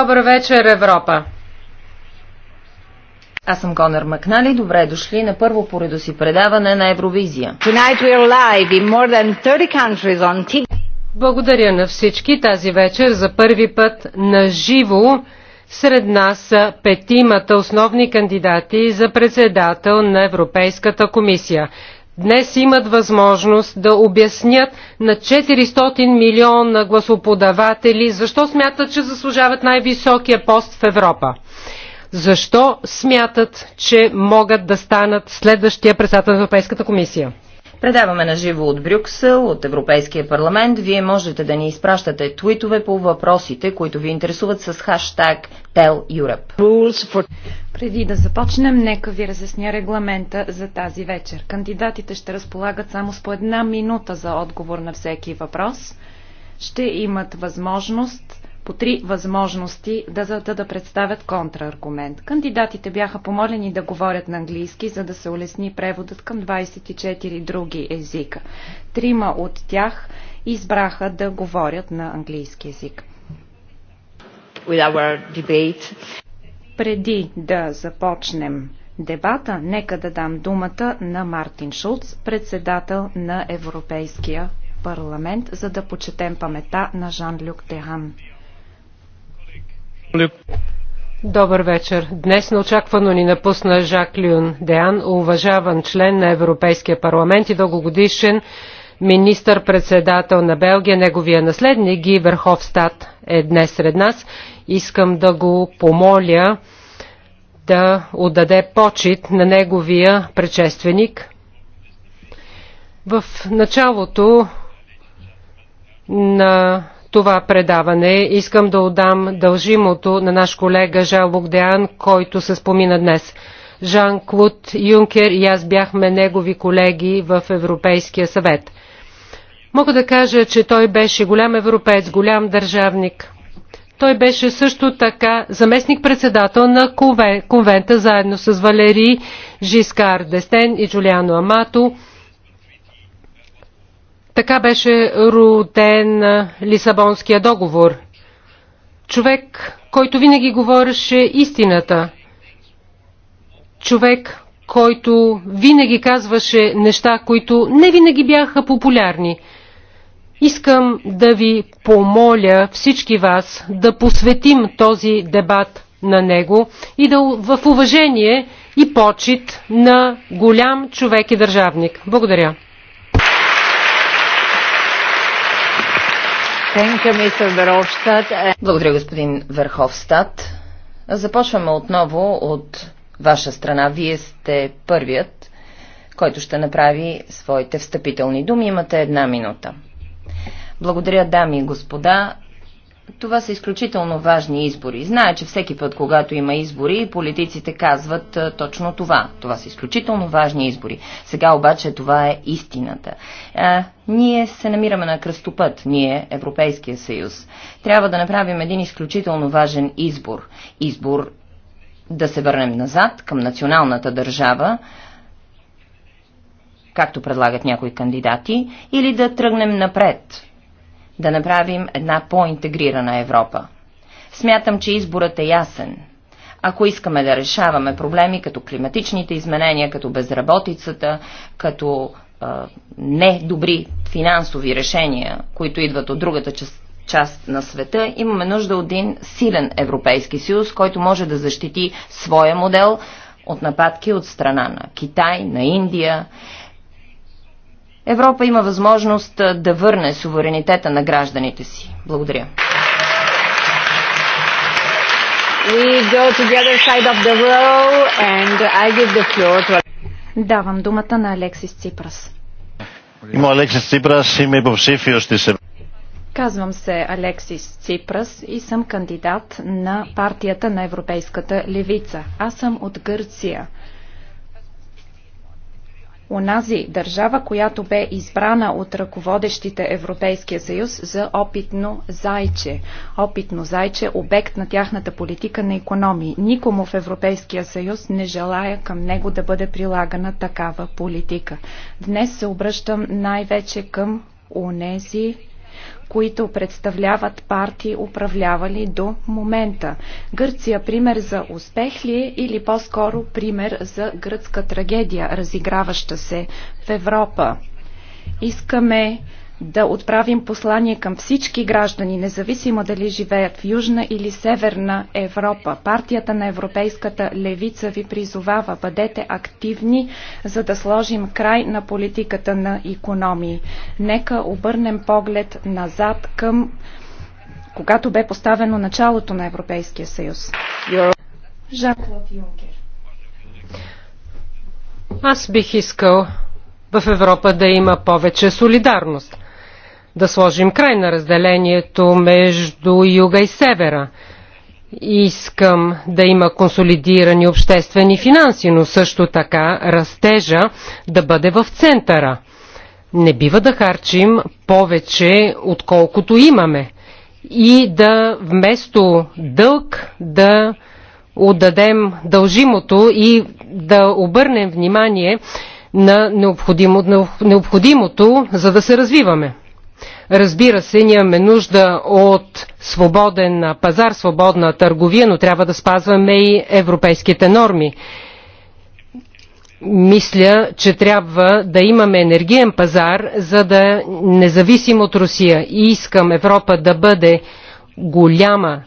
Добър вечер, Европа! Аз съм Конър Макнали. Добре дошли на първо поредо си предаване на Евровизия. Благодаря на всички тази вечер за първи път на живо. Сред нас са петимата основни кандидати за председател на Европейската комисия днес имат възможност да обяснят на 400 милиона гласоподаватели защо смятат, че заслужават най-високия пост в Европа. Защо смятат, че могат да станат следващия председател на Европейската комисия? Предаваме на живо от Брюксел, от Европейския парламент. Вие можете да ни изпращате твитове по въпросите, които ви интересуват с хаштаг TellEurope. Преди да започнем, нека ви разясня регламента за тази вечер. Кандидатите ще разполагат само с по една минута за отговор на всеки въпрос. Ще имат възможност по три възможности да, да, да представят контрааргумент. Кандидатите бяха помолени да говорят на английски, за да се улесни преводът към 24 други езика. Трима от тях избраха да говорят на английски език. Преди да започнем дебата, нека да дам думата на Мартин Шулц, председател на Европейския парламент, за да почетем памета на Жан-Люк Техан. Добър вечер. Днес неочаквано ни напусна Жак Люн Деан, уважаван член на Европейския парламент и дългогодишен министър-председател на Белгия. Неговия наследник Ги Верховстат е днес сред нас. Искам да го помоля да отдаде почет на неговия предшественик. В началото на това предаване. Искам да отдам дължимото на наш колега Жан Лукдеан, който се спомина днес. Жан клуд Юнкер и аз бяхме негови колеги в Европейския съвет. Мога да кажа, че той беше голям европеец, голям държавник. Той беше също така заместник-председател на конвента заедно с Валери Жискар Дестен и Джулиано Амато така беше роден Лисабонския договор. Човек, който винаги говореше истината. Човек, който винаги казваше неща, които не винаги бяха популярни. Искам да ви помоля всички вас да посветим този дебат на него и да в уважение и почет на голям човек и държавник. Благодаря. Благодаря, господин Верховстат. Започваме отново от ваша страна. Вие сте първият, който ще направи своите встъпителни думи. Имате една минута. Благодаря, дами и господа, това са изключително важни избори. Знае, че всеки път, когато има избори, политиците казват точно това. Това са изключително важни избори. Сега обаче това е истината. А, ние се намираме на кръстопът, ние, Европейския съюз. Трябва да направим един изключително важен избор. Избор да се върнем назад към националната държава, както предлагат някои кандидати, или да тръгнем напред да направим една по-интегрирана Европа. Смятам, че изборът е ясен. Ако искаме да решаваме проблеми като климатичните изменения, като безработицата, като е, недобри финансови решения, които идват от другата част, част на света, имаме нужда от един силен Европейски съюз, който може да защити своя модел от нападки от страна на Китай, на Индия Европа има възможност да върне суверенитета на гражданите си. Благодаря. To... Давам думата на Алексис Ципрас. Είμαι ο Αλέξης Τσίπρας, υποψήφιος της Казвам се Алексис Ципрас и съм кандидат на партията на Европейската левица. Аз съм от Гърция. Унази, държава, която бе избрана от ръководещите Европейския съюз за опитно зайче. Опитно зайче, обект на тяхната политика на економии. Никому в Европейския съюз не желая към него да бъде прилагана такава политика. Днес се обръщам най-вече към унези които представляват партии, управлявали до момента. Гърция пример за успех ли е или по-скоро пример за гръцка трагедия, разиграваща се в Европа? Искаме да отправим послание към всички граждани, независимо дали живеят в Южна или Северна Европа. Партията на Европейската левица ви призовава, бъдете активни, за да сложим край на политиката на економии. Нека обърнем поглед назад към когато бе поставено началото на Европейския съюз. Жан-Клод Юнкер. Аз бих искал в Европа да има повече солидарност да сложим край на разделението между юга и севера. Искам да има консолидирани обществени финанси, но също така растежа да бъде в центъра. Не бива да харчим повече, отколкото имаме. И да вместо дълг да отдадем дължимото и да обърнем внимание на необходимо, необходимото, за да се развиваме. Разбира се, ние имаме нужда от свободен пазар, свободна търговия, но трябва да спазваме и европейските норми. Мисля, че трябва да имаме енергиен пазар, за да независим от Русия. И искам Европа да бъде голяма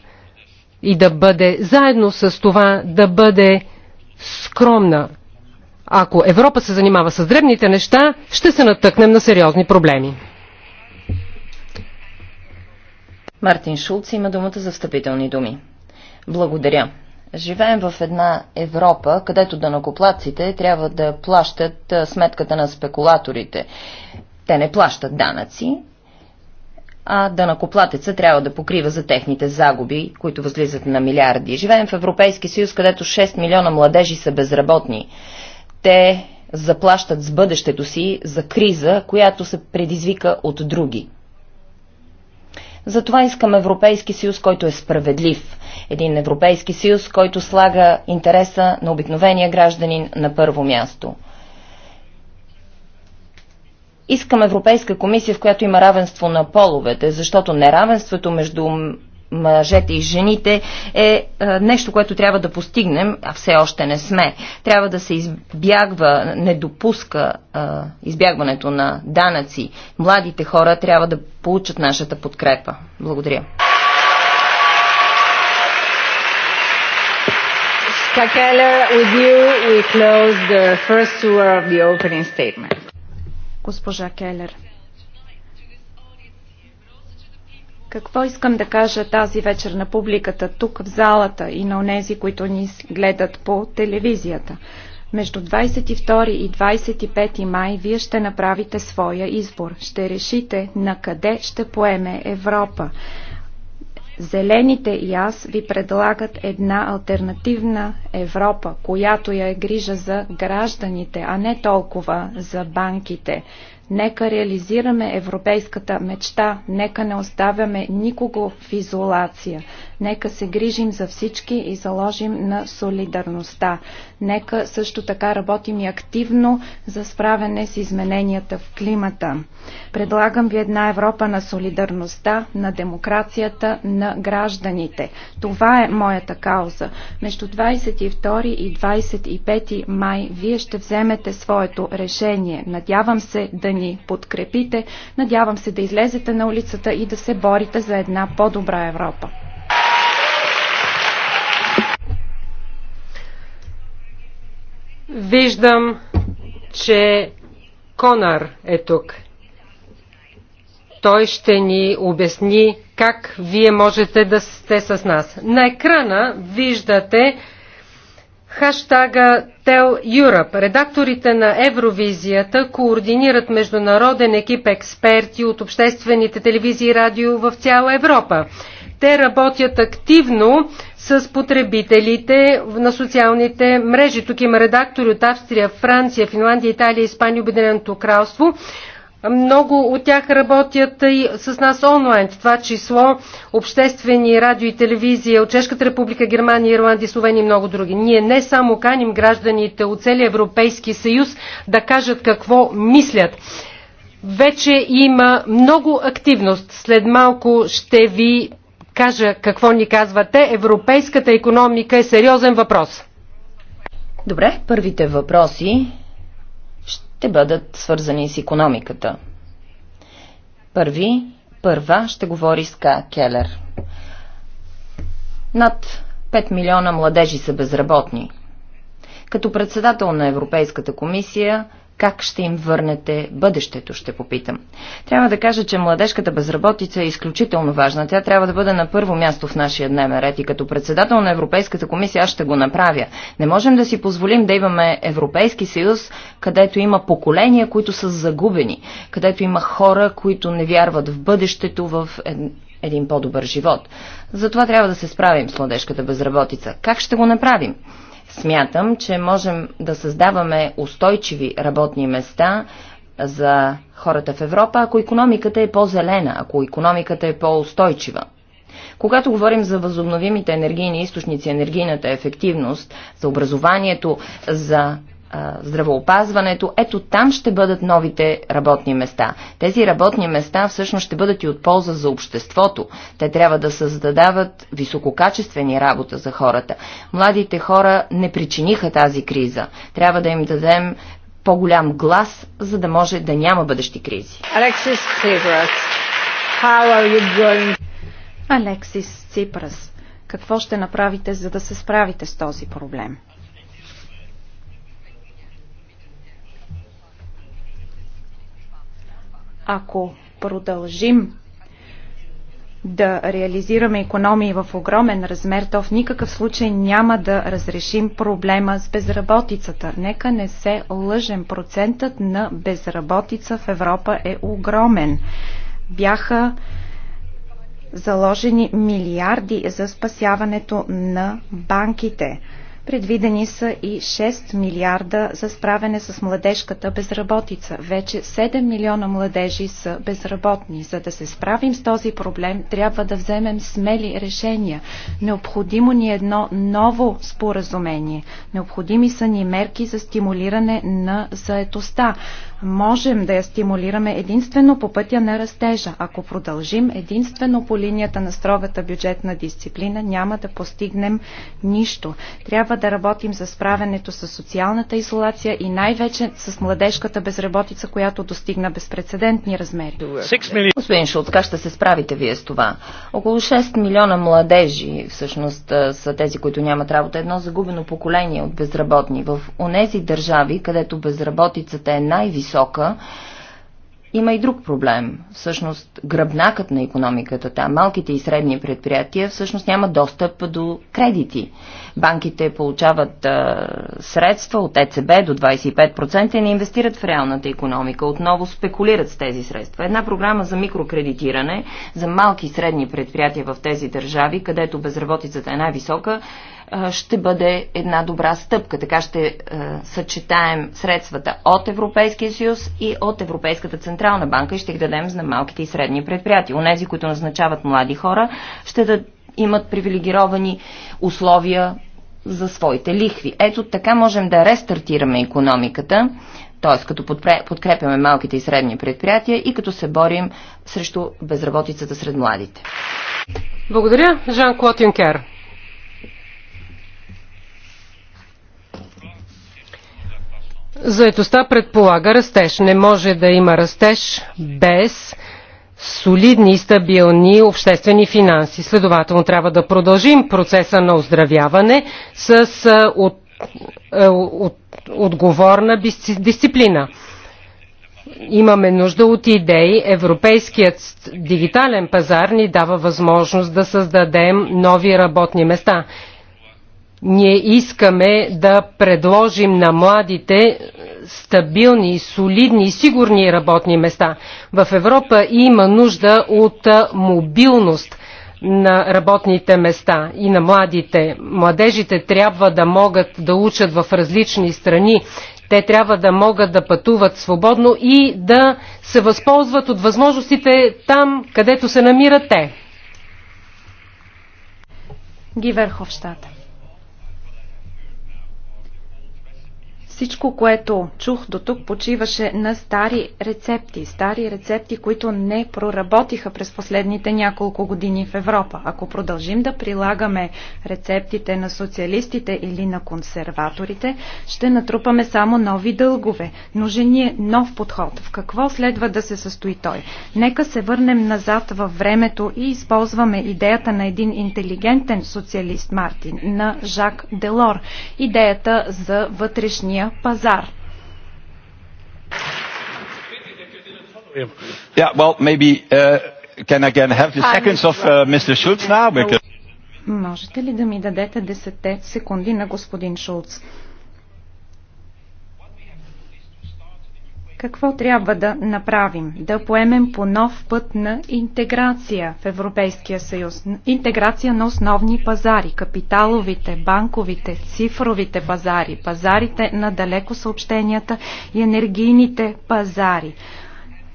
и да бъде заедно с това да бъде скромна. Ако Европа се занимава с дребните неща, ще се натъкнем на сериозни проблеми. Мартин Шулц има думата за встъпителни думи. Благодаря. Живеем в една Европа, където данакоплаците трябва да плащат сметката на спекулаторите. Те не плащат данъци, а данакоплатеца трябва да покрива за техните загуби, които възлизат на милиарди. Живеем в Европейски съюз, където 6 милиона младежи са безработни. Те заплащат с бъдещето си за криза, която се предизвика от други. Затова искам Европейски съюз, който е справедлив. Един Европейски съюз, който слага интереса на обикновения гражданин на първо място. Искам Европейска комисия, в която има равенство на половете, защото неравенството между мъжете и жените е, е нещо, което трябва да постигнем, а все още не сме. Трябва да се избягва, не допуска избягването на данъци. Младите хора трябва да получат нашата подкрепа. Благодаря. Госпожа Келер, Какво искам да кажа тази вечер на публиката тук в залата и на онези, които ни гледат по телевизията? Между 22 и 25 май вие ще направите своя избор. Ще решите на къде ще поеме Европа. Зелените и аз ви предлагат една альтернативна Европа, която я е грижа за гражданите, а не толкова за банките. Нека реализираме европейската мечта, нека не оставяме никого в изолация. Нека се грижим за всички и заложим на солидарността. Нека също така работим и активно за справяне с измененията в климата. Предлагам ви една Европа на солидарността, на демокрацията, на гражданите. Това е моята кауза. Между 22 и 25 май вие ще вземете своето решение. Надявам се да ни подкрепите, надявам се да излезете на улицата и да се борите за една по-добра Европа. Виждам, че Конар е тук. Той ще ни обясни как вие можете да сте с нас. На екрана виждате хаштага Tell Europe. Редакторите на Евровизията координират международен екип експерти от обществените телевизии и радио в цяла Европа. Те работят активно с потребителите на социалните мрежи. Тук има редактори от Австрия, Франция, Финландия, Италия, Испания, Обединеното кралство. Много от тях работят и с нас онлайн. В това число обществени радио и телевизия от Чешката република, Германия, Ирландия, Словения и много други. Ние не само каним гражданите от целия Европейски съюз да кажат какво мислят. Вече има много активност. След малко ще ви кажа какво ни казвате. Европейската економика е сериозен въпрос. Добре, първите въпроси ще бъдат свързани с економиката. Първи, първа ще говори Ска Келер. Над 5 милиона младежи са безработни. Като председател на Европейската комисия как ще им върнете бъдещето, ще попитам. Трябва да кажа, че младежката безработица е изключително важна. Тя трябва да бъде на първо място в нашия дневен ред и като председател на Европейската комисия аз ще го направя. Не можем да си позволим да имаме Европейски съюз, където има поколения, които са загубени, където има хора, които не вярват в бъдещето, в един по-добър живот. Затова трябва да се справим с младежката безработица. Как ще го направим? Смятам, че можем да създаваме устойчиви работни места за хората в Европа, ако економиката е по-зелена, ако економиката е по-устойчива. Когато говорим за възобновимите енергийни източници, енергийната ефективност, за образованието, за здравоопазването, ето там ще бъдат новите работни места. Тези работни места всъщност ще бъдат и от полза за обществото. Те трябва да създадават висококачествени работа за хората. Младите хора не причиниха тази криза. Трябва да им дадем по-голям глас, за да може да няма бъдещи кризи. Алексис Ципрас, how are you going? Алексис Ципрас, какво ще направите, за да се справите с този проблем? Ако продължим да реализираме економии в огромен размер, то в никакъв случай няма да разрешим проблема с безработицата. Нека не се лъжем. Процентът на безработица в Европа е огромен. Бяха заложени милиарди за спасяването на банките. Предвидени са и 6 милиарда за справяне с младежката безработица. Вече 7 милиона младежи са безработни. За да се справим с този проблем, трябва да вземем смели решения. Необходимо ни е едно ново споразумение. Необходими са ни мерки за стимулиране на заетостта. Можем да я стимулираме единствено по пътя на растежа. Ако продължим единствено по линията на строгата бюджетна дисциплина, няма да постигнем нищо. Трябва да работим за справенето с социалната изолация и най-вече с младежката безработица, която достигна безпредседентни размери. Господин Шулт, как ще се справите вие с това? Около 6 милиона младежи всъщност са тези, които нямат работа. Едно загубено поколение от безработни. В онези държави, където безработицата е най-висока, има и друг проблем. Всъщност, гръбнакът на економиката там, малките и средни предприятия, всъщност няма достъп до кредити. Банките получават а, средства от ЕЦБ до 25% и не инвестират в реалната економика. Отново спекулират с тези средства. Една програма за микрокредитиране за малки и средни предприятия в тези държави, където безработицата е най-висока, ще бъде една добра стъпка. Така ще а, съчетаем средствата от Европейския съюз и от Европейската централна банка и ще ги дадем за малките и средни предприятия. Онези, които назначават млади хора, ще да имат привилегировани условия за своите лихви. Ето така можем да рестартираме економиката, т.е. като подкрепяме малките и средни предприятия и като се борим срещу безработицата сред младите. Благодаря, Жан-Клод Юнкер. Заетостта предполага растеж. Не може да има растеж без солидни и стабилни обществени финанси. Следователно трябва да продължим процеса на оздравяване с от, от, от, отговорна дисциплина. Имаме нужда от идеи. Европейският дигитален пазар ни дава възможност да създадем нови работни места. Ние искаме да предложим на младите стабилни, солидни и сигурни работни места. В Европа има нужда от мобилност на работните места и на младите. Младежите трябва да могат да учат в различни страни. Те трябва да могат да пътуват свободно и да се възползват от възможностите там, където се намират те. Гиверховщата. Всичко, което чух до тук, почиваше на стари рецепти. Стари рецепти, които не проработиха през последните няколко години в Европа. Ако продължим да прилагаме рецептите на социалистите или на консерваторите, ще натрупаме само нови дългове. Нужен е нов подход. В какво следва да се състои той? Нека се върнем назад във времето и използваме идеята на един интелигентен социалист Мартин, на Жак Делор. Идеята за вътрешния единния пазар. Yeah, well, maybe uh, can again have the seconds of uh, Mr. Schulz now because... Можете ли да ми дадете 10 секунди на господин Шулц? Какво трябва да направим? Да поемем по нов път на интеграция в Европейския съюз. Интеграция на основни пазари, капиталовите, банковите, цифровите пазари, пазарите на далеко съобщенията и енергийните пазари.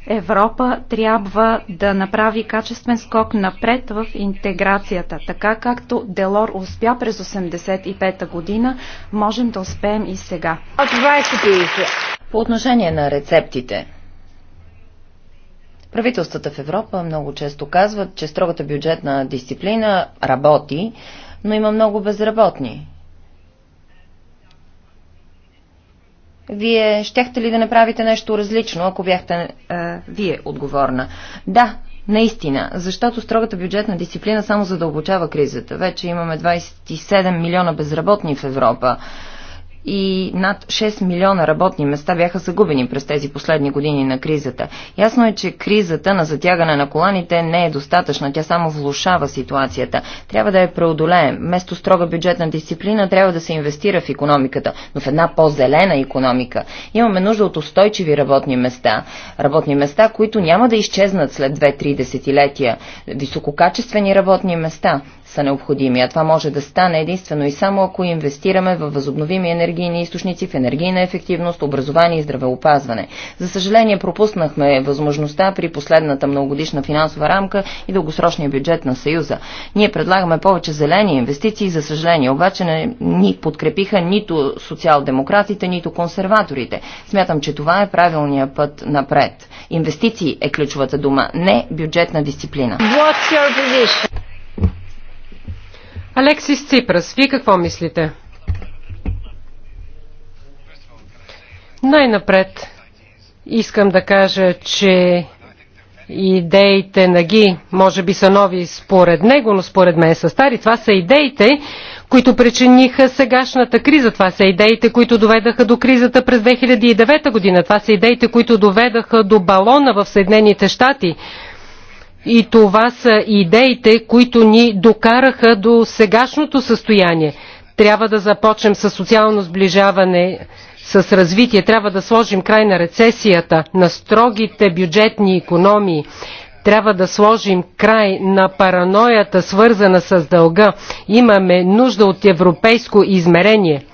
Европа трябва да направи качествен скок напред в интеграцията. Така както Делор успя през 85-та година, можем да успеем и сега. По отношение на рецептите, правителствата в Европа много често казват, че строгата бюджетна дисциплина работи, но има много безработни. Вие щяхте ли да направите нещо различно, ако бяхте е, вие отговорна? Да, наистина, защото строгата бюджетна дисциплина само задълбочава кризата. Вече имаме 27 милиона безработни в Европа и над 6 милиона работни места бяха загубени през тези последни години на кризата. Ясно е, че кризата на затягане на коланите не е достатъчна, тя само влушава ситуацията. Трябва да я преодолеем. Вместо строга бюджетна дисциплина трябва да се инвестира в економиката, но в една по-зелена економика. Имаме нужда от устойчиви работни места. Работни места, които няма да изчезнат след 2-3 десетилетия. Висококачествени работни места са необходими, а това може да стане единствено и само ако инвестираме в възобновими енергийни източници, в енергийна ефективност, образование и здравеопазване. За съжаление пропуснахме възможността при последната многогодишна финансова рамка и дългосрочния бюджет на Съюза. Ние предлагаме повече зелени инвестиции, за съжаление обаче не ни подкрепиха нито социал-демократите, нито консерваторите. Смятам, че това е правилният път напред. Инвестиции е ключовата дума, не бюджетна дисциплина. What's your position? Алексис Ципрас, вие какво мислите? Най-напред искам да кажа, че идеите на Ги може би са нови според него, но според мен са стари. Това са идеите, които причиниха сегашната криза. Това са идеите, които доведаха до кризата през 2009 година. Това са идеите, които доведаха до балона в Съединените щати. И това са идеите, които ни докараха до сегашното състояние. Трябва да започнем с социално сближаване, с развитие. Трябва да сложим край на рецесията, на строгите бюджетни економии. Трябва да сложим край на параноята, свързана с дълга. Имаме нужда от европейско измерение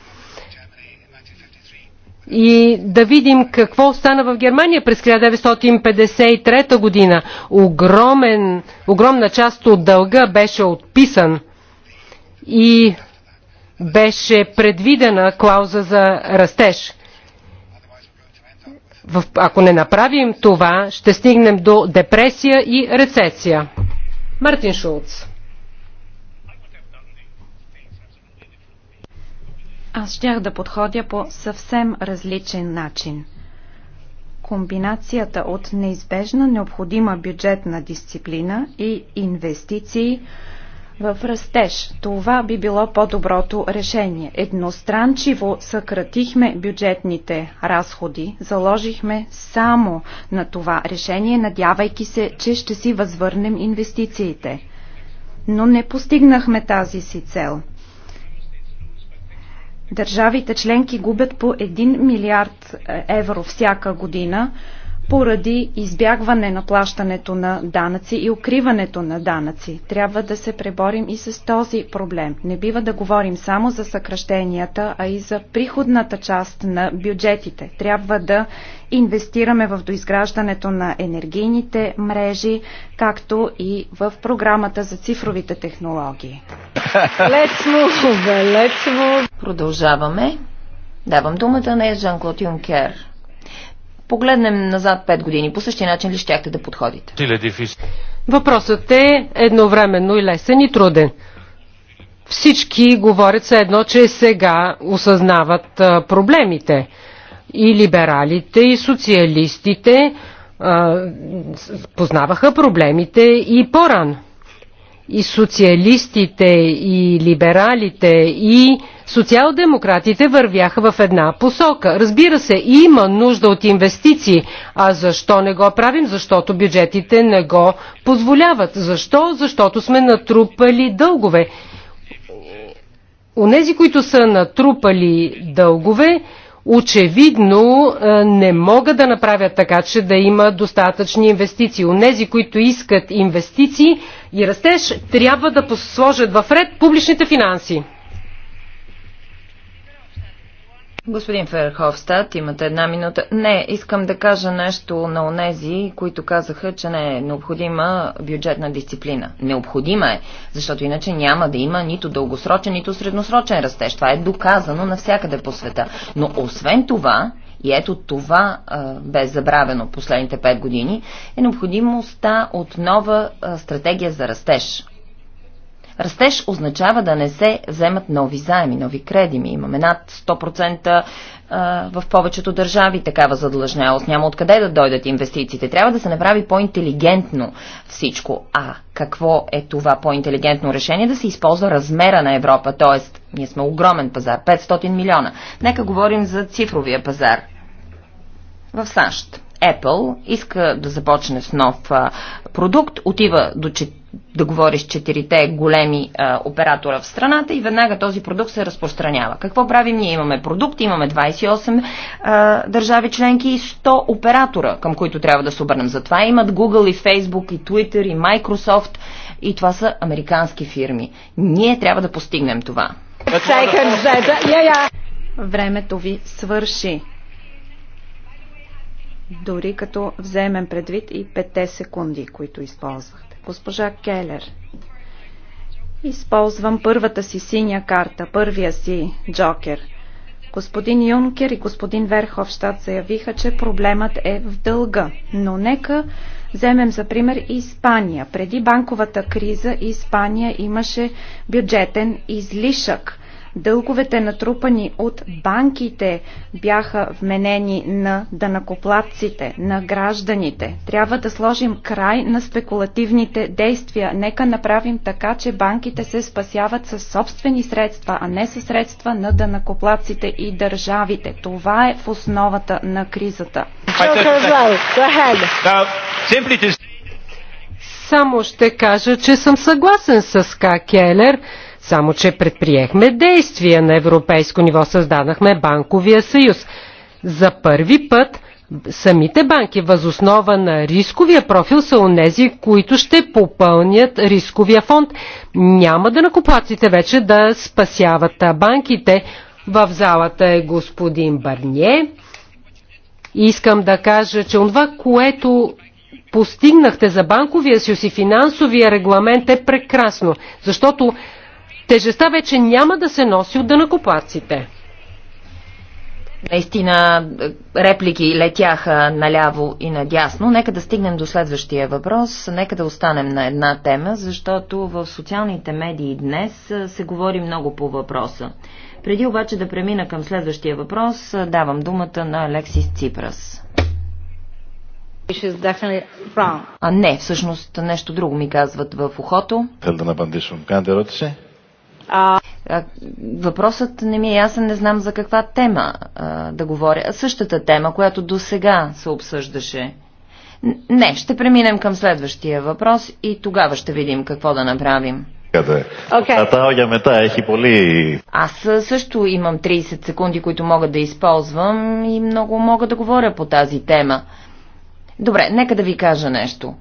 и да видим какво стана в Германия през 1953 година. Огромен, огромна част от дълга беше отписан и беше предвидена клауза за растеж. В, ако не направим това, ще стигнем до депресия и рецесия. Мартин Шулц. Аз щях да подходя по съвсем различен начин. Комбинацията от неизбежна необходима бюджетна дисциплина и инвестиции в растеж. Това би било по-доброто решение. Едностранчиво съкратихме бюджетните разходи, заложихме само на това решение, надявайки се, че ще си възвърнем инвестициите. Но не постигнахме тази си цел. Държавите членки губят по 1 милиард е, евро всяка година поради избягване на плащането на данъци и укриването на данъци. Трябва да се преборим и с този проблем. Не бива да говорим само за съкръщенията, а и за приходната част на бюджетите. Трябва да инвестираме в доизграждането на енергийните мрежи, както и в програмата за цифровите технологии. Let's move, Продължаваме. Давам думата на Жан-Клод Юнкер погледнем назад 5 години, по същия начин ли щяхте да подходите? Въпросът е едновременно и лесен и труден. Всички говорят се едно, че сега осъзнават проблемите. И либералите, и социалистите а, познаваха проблемите и по-рано и социалистите, и либералите, и социал-демократите вървяха в една посока. Разбира се, има нужда от инвестиции. А защо не го правим? Защото бюджетите не го позволяват. Защо? Защото сме натрупали дългове. Онези, които са натрупали дългове, очевидно е, не могат да направят така, че да има достатъчни инвестиции. Онези, които искат инвестиции и растеж, трябва да сложат в ред публичните финанси. Господин Ферховстат, имате една минута. Не, искам да кажа нещо на онези, които казаха, че не е необходима бюджетна дисциплина. Необходима е, защото иначе няма да има нито дългосрочен, нито средносрочен растеж. Това е доказано навсякъде по света. Но освен това, и ето това бе забравено последните пет години, е необходимостта от нова стратегия за растеж. Растеж означава да не се вземат нови заеми, нови кредими. Имаме над 100% в повечето държави такава задлъжнялост. Няма откъде да дойдат инвестициите. Трябва да се направи по-интелигентно всичко. А какво е това по-интелигентно решение? Да се използва размера на Европа, т.е. ние сме огромен пазар, 500 милиона. Нека говорим за цифровия пазар в САЩ. Apple иска да започне с нов а, продукт, отива до да говори с четирите големи а, оператора в страната и веднага този продукт се разпространява. Какво правим? Ние имаме продукт, имаме 28 а, държави членки и 100 оператора, към които трябва да се обърнем. Затова имат Google и Facebook и Twitter и Microsoft и това са американски фирми. Ние трябва да постигнем това. Времето ви свърши дори като вземем предвид и пете секунди, които използвахте. Госпожа Келер, използвам първата си синя карта, първия си джокер. Господин Юнкер и господин Верховщад заявиха, че проблемът е в дълга, но нека Вземем за пример Испания. Преди банковата криза Испания имаше бюджетен излишък. Дълговете натрупани от банките бяха вменени на данакоплатците, на гражданите. Трябва да сложим край на спекулативните действия. Нека направим така, че банките се спасяват със собствени средства, а не със средства на данакоплатците и държавите. Това е в основата на кризата. Само ще кажа, че съм съгласен с Ка Келер само, че предприехме действия на европейско ниво, създадахме банковия съюз. За първи път самите банки възоснова на рисковия профил са онези, които ще попълнят рисковия фонд. Няма да накоплаците вече да спасяват банките. В залата е господин Барние. Искам да кажа, че това, което постигнахте за банковия съюз и финансовия регламент е прекрасно, защото тежестта вече няма да се носи от дънакопарците. Наистина реплики летяха наляво и надясно. Нека да стигнем до следващия въпрос. Нека да останем на една тема, защото в социалните медии днес се говори много по въпроса. Преди обаче да премина към следващия въпрос, давам думата на Алексис Ципрас. А не, всъщност нещо друго ми казват в ухото. Θέλω да напандишам. Κάντε а... Въпросът не ми е ясен, не знам за каква тема а, да говоря. Същата тема, която до сега се обсъждаше. Не, ще преминем към следващия въпрос и тогава ще видим какво да направим. Okay. Аз също имам 30 секунди, които мога да използвам и много мога да говоря по тази тема. Добре, нека да ви кажа нещо.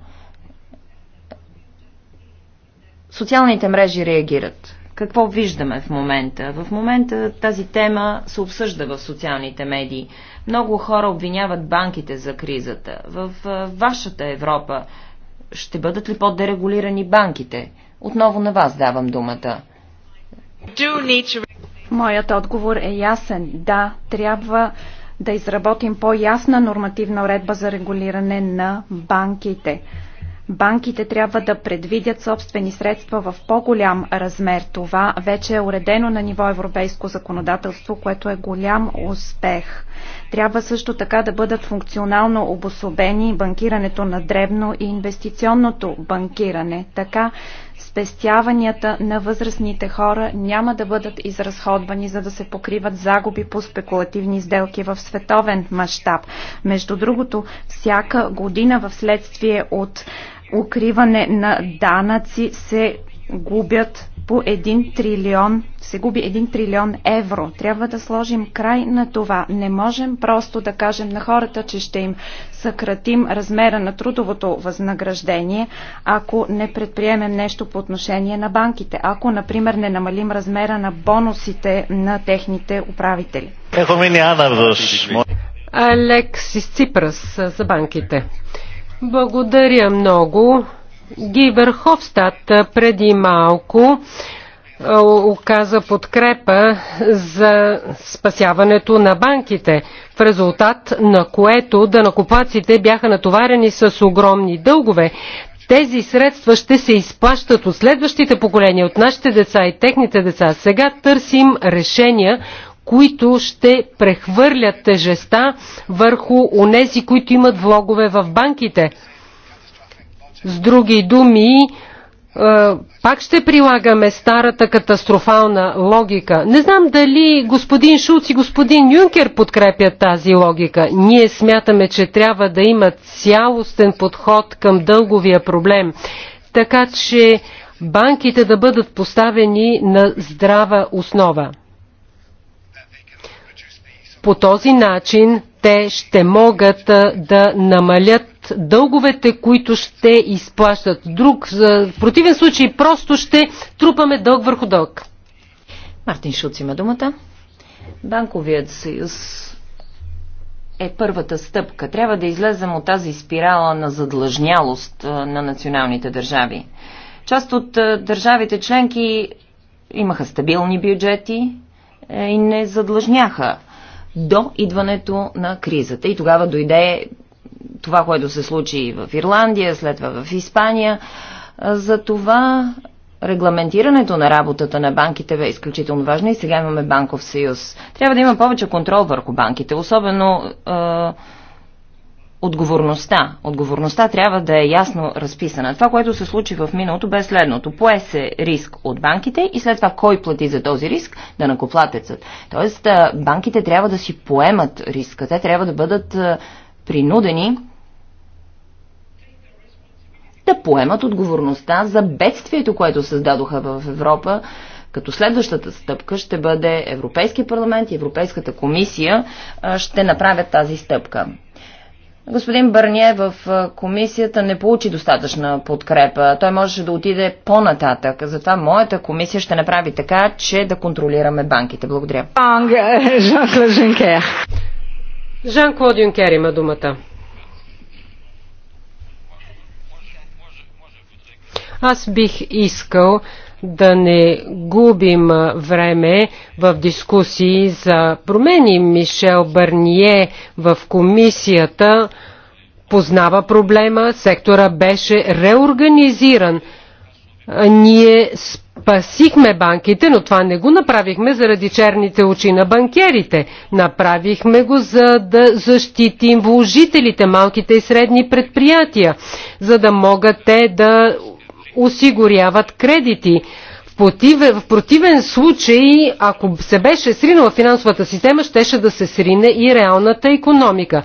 Социалните мрежи реагират. Какво виждаме в момента? В момента тази тема се обсъжда в социалните медии. Много хора обвиняват банките за кризата. В вашата Европа ще бъдат ли по-дерегулирани банките? Отново на вас давам думата. Моят отговор е ясен. Да, трябва да изработим по-ясна нормативна уредба за регулиране на банките банките трябва да предвидят собствени средства в по-голям размер. Това вече е уредено на ниво европейско законодателство, което е голям успех. Трябва също така да бъдат функционално обособени банкирането на дребно и инвестиционното банкиране. Така спестяванията на възрастните хора няма да бъдат изразходвани, за да се покриват загуби по спекулативни сделки в световен мащаб. Между другото, всяка година в следствие от укриване на данъци се губят по 1 трилион, се губи 1 трилион евро. Трябва да сложим край на това. Не можем просто да кажем на хората, че ще им съкратим размера на трудовото възнаграждение, ако не предприемем нещо по отношение на банките. Ако, например, не намалим размера на бонусите на техните управители. Ами Алексис Ципрас за банките. Благодаря много. Гибер Ховстат преди малко оказа подкрепа за спасяването на банките, в резултат на което дънакоплаците бяха натоварени с огромни дългове. Тези средства ще се изплащат от следващите поколения, от нашите деца и техните деца. Сега търсим решения, които ще прехвърлят тежеста върху онези, които имат влогове в банките. С други думи, е, пак ще прилагаме старата катастрофална логика. Не знам дали господин Шулц и господин Юнкер подкрепят тази логика. Ние смятаме, че трябва да има цялостен подход към дълговия проблем, така че банките да бъдат поставени на здрава основа. По този начин те ще могат да намалят дълговете, които ще изплащат друг. В противен случай просто ще трупаме дълг върху дълг. Мартин Шуц има думата. Банковият съюз е първата стъпка. Трябва да излезем от тази спирала на задлъжнялост на националните държави. Част от държавите членки имаха стабилни бюджети е, и не задлъжняха до идването на кризата. И тогава дойде това, което се случи в Ирландия, след това в Испания. За това регламентирането на работата на банките бе изключително важно и сега имаме банков съюз. Трябва да има повече контрол върху банките, особено е, отговорността. Отговорността трябва да е ясно разписана. Това, което се случи в миналото, бе следното. Пое се риск от банките и след това кой плати за този риск? Да накоплатецът. Тоест, банките трябва да си поемат риска. Те трябва да бъдат принудени да поемат отговорността за бедствието, което създадоха в Европа, като следващата стъпка ще бъде Европейския парламент и Европейската комисия ще направят тази стъпка. Господин Бърние в комисията не получи достатъчна подкрепа. Той можеше да отиде по-нататък. Затова моята комисия ще направи така, че да контролираме банките. Благодаря. Жан-Клод Юнкер. Жан-Клод Юнкер има думата. Аз бих искал да не губим време в дискусии за промени. Мишел Бърние в комисията познава проблема, сектора беше реорганизиран. Ние спасихме банките, но това не го направихме заради черните очи на банкерите. Направихме го за да защитим вложителите, малките и средни предприятия, за да могат те да осигуряват кредити. В противен, в противен случай, ако се беше сринала финансовата система, щеше да се срине и реалната економика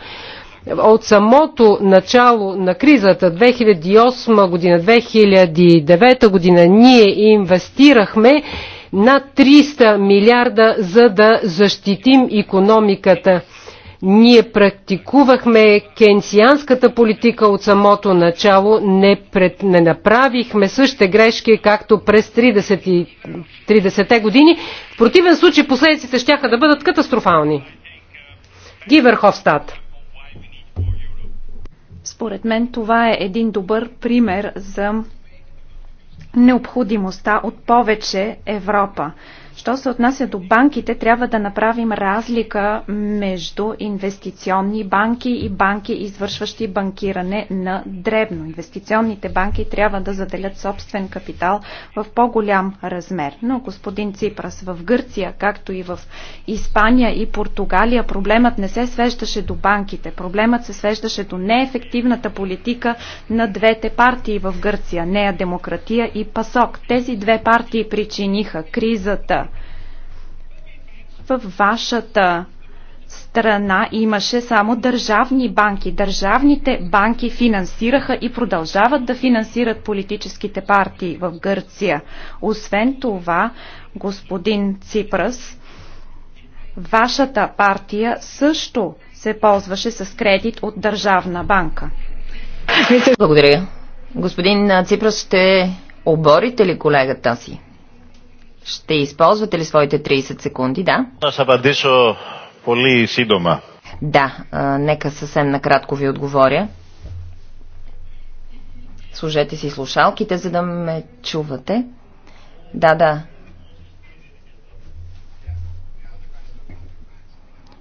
от самото начало на кризата 2008 година, 2009 година ние инвестирахме над 300 милиарда за да защитим економиката. Ние практикувахме кенсианската политика от самото начало, не, пред, не направихме същите грешки, както през 30 30-те години. В противен случай последиците ще да бъдат катастрофални. Гиверховстат. Според мен това е един добър пример за необходимостта от повече Европа. Що се отнася до банките, трябва да направим разлика между инвестиционни банки и банки, извършващи банкиране на дребно. Инвестиционните банки трябва да заделят собствен капитал в по-голям размер. Но господин Ципрас в Гърция, както и в Испания и Португалия, проблемът не се свеждаше до банките. Проблемът се свеждаше до неефективната политика на двете партии в Гърция, Нея Демократия и ПАСОК. Тези две партии причиниха кризата, в вашата страна имаше само държавни банки. Държавните банки финансираха и продължават да финансират политическите партии в Гърция. Освен това, господин Ципрас, вашата партия също се ползваше с кредит от Държавна банка. Благодаря. Господин Ципрас, ще оборите ли колегата си? Ще използвате ли своите 30 секунди, да? Аз апαντήσω πολύ σύντομα. Да, а, нека съвсем накратко ви отговоря. Служете си слушалките, за да ме чувате. Да, да.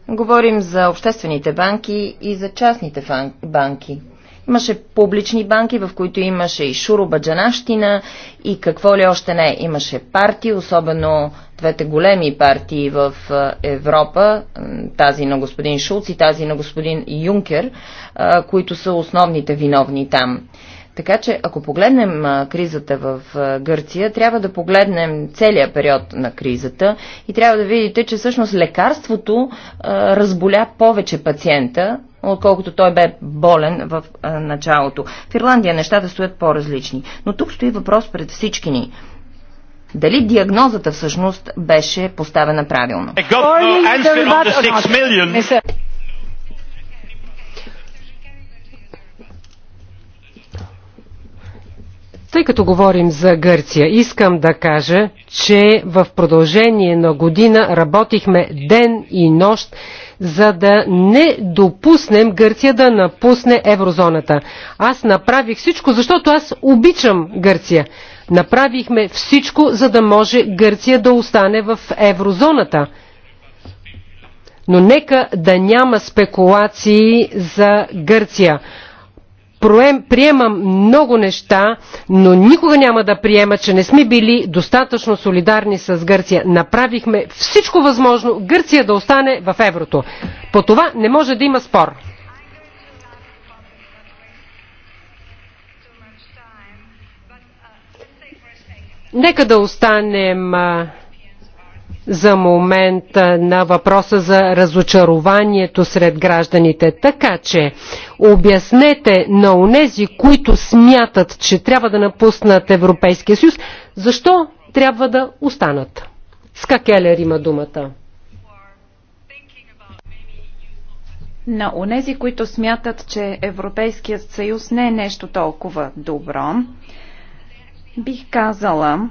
Говорим за обществените банки и за частните банки. Имаше публични банки, в които имаше и Джанащина и какво ли още не. Имаше партии, особено двете големи партии в Европа, тази на господин Шулц и тази на господин Юнкер, които са основните виновни там. Така че, ако погледнем кризата в Гърция, трябва да погледнем целият период на кризата и трябва да видите, че всъщност лекарството разболя повече пациента, отколкото той бе болен в началото. В Ирландия нещата стоят по-различни. Но тук стои въпрос пред всички ни. Дали диагнозата всъщност беше поставена правилно? Тъй като говорим за Гърция, искам да кажа, че в продължение на година работихме ден и нощ, за да не допуснем Гърция да напусне еврозоната. Аз направих всичко, защото аз обичам Гърция. Направихме всичко, за да може Гърция да остане в еврозоната. Но нека да няма спекулации за Гърция приемам много неща, но никога няма да приема, че не сме били достатъчно солидарни с Гърция. Направихме всичко възможно Гърция да остане в еврото. По това не може да има спор. Нека да останем за момент на въпроса за разочарованието сред гражданите. Така че обяснете на онези, които смятат, че трябва да напуснат Европейския съюз, защо трябва да останат. Ска Келер има думата. На унези, които смятат, че Европейският съюз не е нещо толкова добро, бих казала,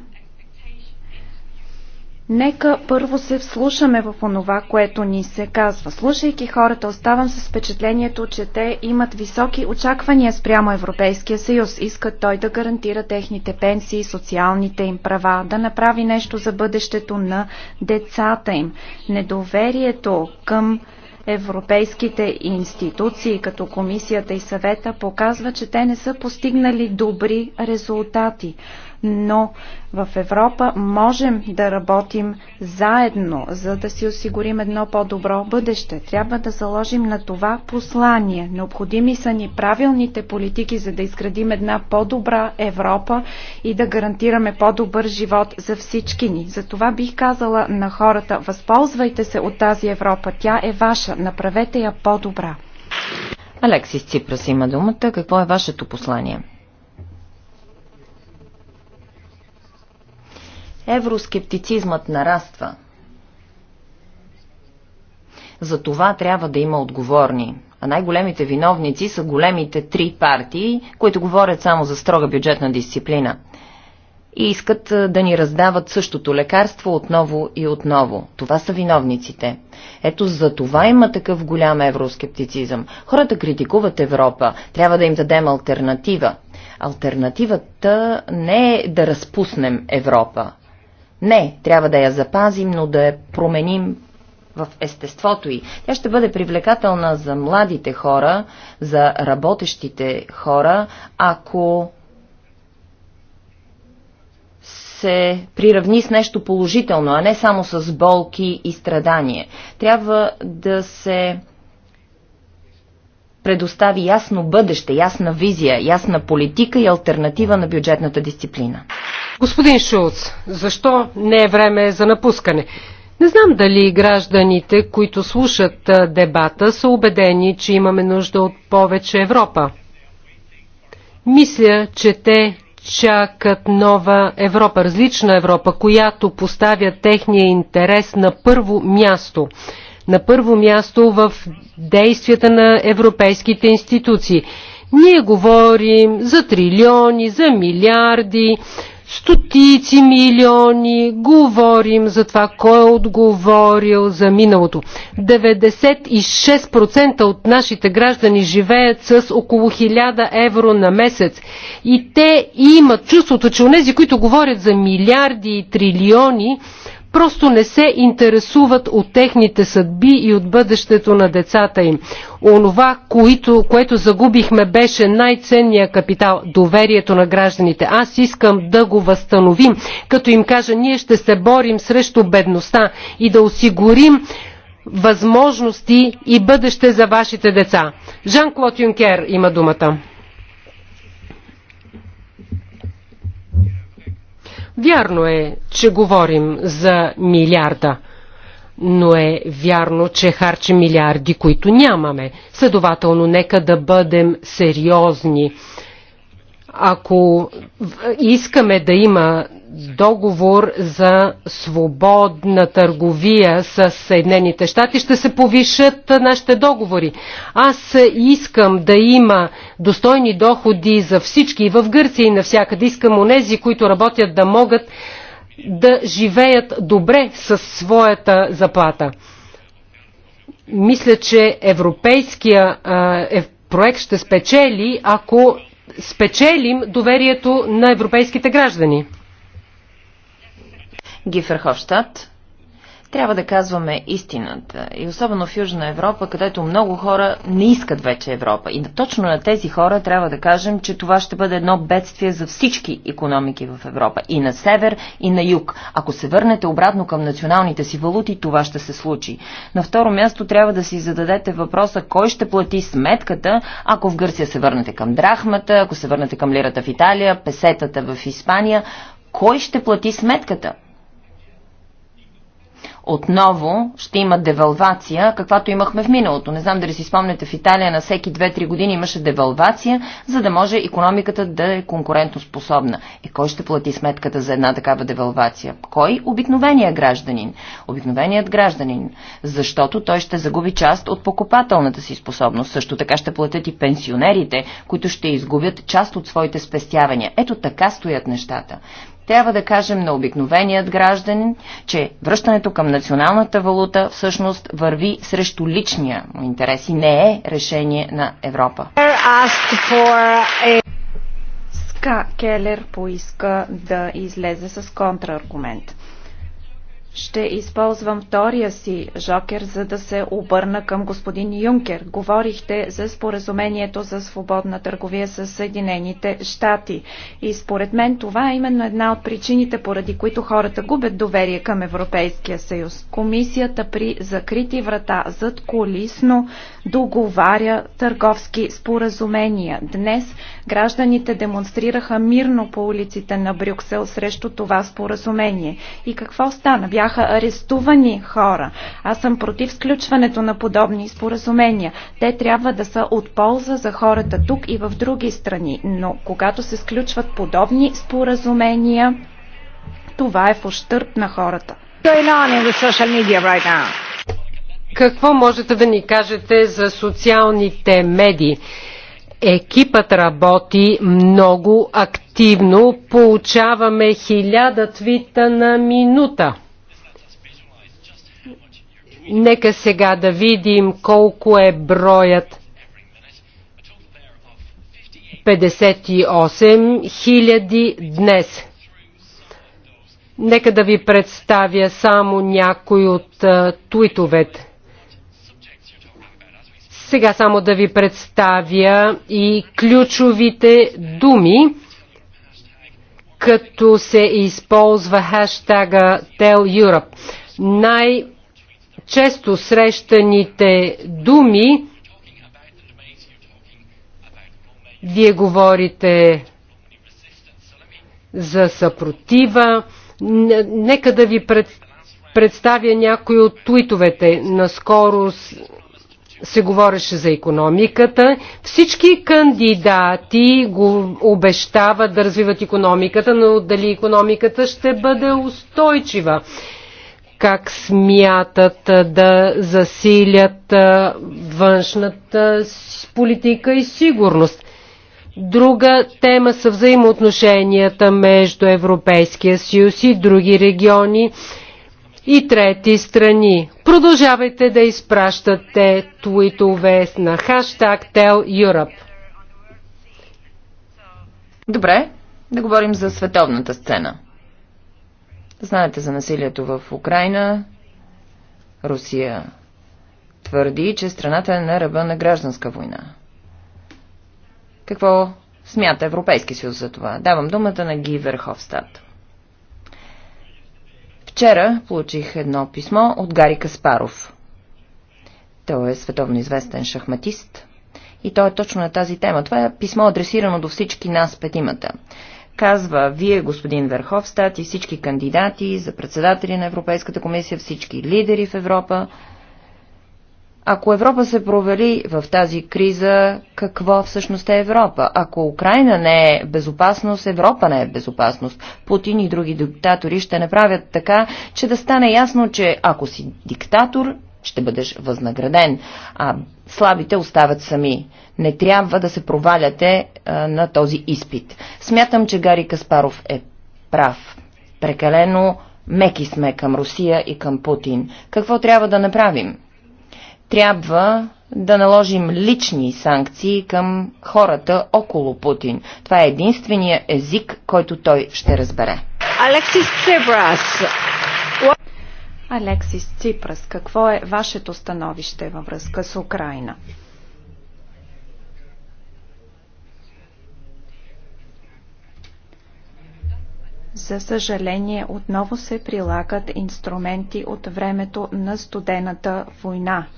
Нека първо се вслушаме в онова, което ни се казва. Слушайки хората, оставам с впечатлението, че те имат високи очаквания спрямо Европейския съюз. Искат той да гарантира техните пенсии, социалните им права, да направи нещо за бъдещето на децата им. Недоверието към европейските институции, като комисията и съвета, показва, че те не са постигнали добри резултати но в Европа можем да работим заедно, за да си осигурим едно по-добро бъдеще. Трябва да заложим на това послание. Необходими са ни правилните политики, за да изградим една по-добра Европа и да гарантираме по-добър живот за всички ни. За това бих казала на хората, възползвайте се от тази Европа. Тя е ваша. Направете я по-добра. Алексис Ципрас има думата. Какво е вашето послание? Евроскептицизмът нараства. За това трябва да има отговорни. А най-големите виновници са големите три партии, които говорят само за строга бюджетна дисциплина. И искат да ни раздават същото лекарство отново и отново. Това са виновниците. Ето за това има такъв голям евроскептицизъм. Хората критикуват Европа. Трябва да им дадем альтернатива. Альтернативата не е да разпуснем Европа. Не, трябва да я запазим, но да я променим в естеството й. Тя ще бъде привлекателна за младите хора, за работещите хора, ако се приравни с нещо положително, а не само с болки и страдания. Трябва да се предостави ясно бъдеще, ясна визия, ясна политика и альтернатива на бюджетната дисциплина. Господин Шулц, защо не е време за напускане? Не знам дали гражданите, които слушат дебата, са убедени, че имаме нужда от повече Европа. Мисля, че те чакат нова Европа, различна Европа, която поставя техния интерес на първо място. На първо място в действията на европейските институции. Ние говорим за трилиони, за милиарди, стотици милиони, говорим за това кой е отговорил за миналото. 96% от нашите граждани живеят с около 1000 евро на месец и те имат чувството, че онези, които говорят за милиарди и трилиони, просто не се интересуват от техните съдби и от бъдещето на децата им. Онова, което, което загубихме, беше най-ценният капитал – доверието на гражданите. Аз искам да го възстановим, като им кажа, ние ще се борим срещу бедността и да осигурим възможности и бъдеще за вашите деца. Жан-Клод Юнкер има думата. Вярно е, че говорим за милиарда, но е вярно, че харчим милиарди, които нямаме. Следователно, нека да бъдем сериозни ако искаме да има договор за свободна търговия с Съединените щати, ще се повишат нашите договори. Аз искам да има достойни доходи за всички и в Гърция и навсякъде. Искам онези, които работят да могат да живеят добре със своята заплата. Мисля, че европейския е, проект ще спечели, ако спечелим доверието на европейските граждани. Гиферховщад. Трябва да казваме истината. И особено в Южна Европа, където много хора не искат вече Европа. И точно на тези хора трябва да кажем, че това ще бъде едно бедствие за всички економики в Европа. И на север, и на юг. Ако се върнете обратно към националните си валути, това ще се случи. На второ място трябва да си зададете въпроса, кой ще плати сметката, ако в Гърция се върнете към драхмата, ако се върнете към лирата в Италия, песетата в Испания. Кой ще плати сметката? отново ще има девалвация, каквато имахме в миналото. Не знам дали си спомняте, в Италия на всеки 2-3 години имаше девалвация, за да може економиката да е конкурентоспособна. И кой ще плати сметката за една такава девалвация? Кой? Обикновения гражданин. Обикновеният гражданин. Защото той ще загуби част от покупателната си способност. Също така ще платят и пенсионерите, които ще изгубят част от своите спестявания. Ето така стоят нещата. Трябва да кажем на обикновеният гражданин, че връщането към националната валута всъщност върви срещу личния му интерес и не е решение на Европа. Ска Келер поиска да излезе с контраргумент. Ще използвам втория си жокер, за да се обърна към господин Юнкер. Говорихте за споразумението за свободна търговия с Съединените щати. И според мен това е именно една от причините, поради които хората губят доверие към Европейския съюз. Комисията при закрити врата зад колисно договаря търговски споразумения. Днес гражданите демонстрираха мирно по улиците на Брюксел срещу това споразумение. И какво стана? Бяха арестувани хора. Аз съм против сключването на подобни споразумения. Те трябва да са от полза за хората тук и в други страни. Но когато се сключват подобни споразумения, това е в ощърп на хората. Going on in the social media right now. Какво можете да ни кажете за социалните медии? Екипът работи много активно. Получаваме хиляда твита на минута. Нека сега да видим колко е броят. 58 хиляди днес. Нека да ви представя само някой от а, сега само да ви представя и ключовите думи, като се използва хаштага Tell Europe. Най-често срещаните думи вие говорите за съпротива. Нека да ви представя някои от твитовете, Наскоро се говореше за економиката. Всички кандидати го обещават да развиват економиката, но дали економиката ще бъде устойчива? Как смятат да засилят външната политика и сигурност? Друга тема са взаимоотношенията между Европейския съюз и други региони и трети страни. Продължавайте да изпращате твитове на хаштаг Tell Europe. Добре, да говорим за световната сцена. Знаете за насилието в Украина. Русия твърди, че страната е на ръба на гражданска война. Какво смята Европейски съюз за това? Давам думата на Ги Верховстат. Вчера получих едно писмо от Гари Каспаров. Той е световно известен шахматист и той е точно на тази тема. Това е писмо адресирано до всички нас петимата. Казва, вие, господин Верховстат и всички кандидати за председатели на Европейската комисия, всички лидери в Европа, ако Европа се провери в тази криза, какво всъщност е Европа? Ако Украина не е безопасност, Европа не е безопасност. Путин и други диктатори ще направят така, че да стане ясно, че ако си диктатор, ще бъдеш възнаграден, а слабите остават сами. Не трябва да се проваляте а, на този изпит. Смятам, че Гари Каспаров е прав. Прекалено меки сме към Русия и към Путин. Какво трябва да направим? трябва да наложим лични санкции към хората около Путин. Това е единствения език, който той ще разбере. Алексис Цибрас. Алексис Ципрас, какво е вашето становище във връзка с Украина? За съжаление, отново се прилагат инструменти от времето на студената война –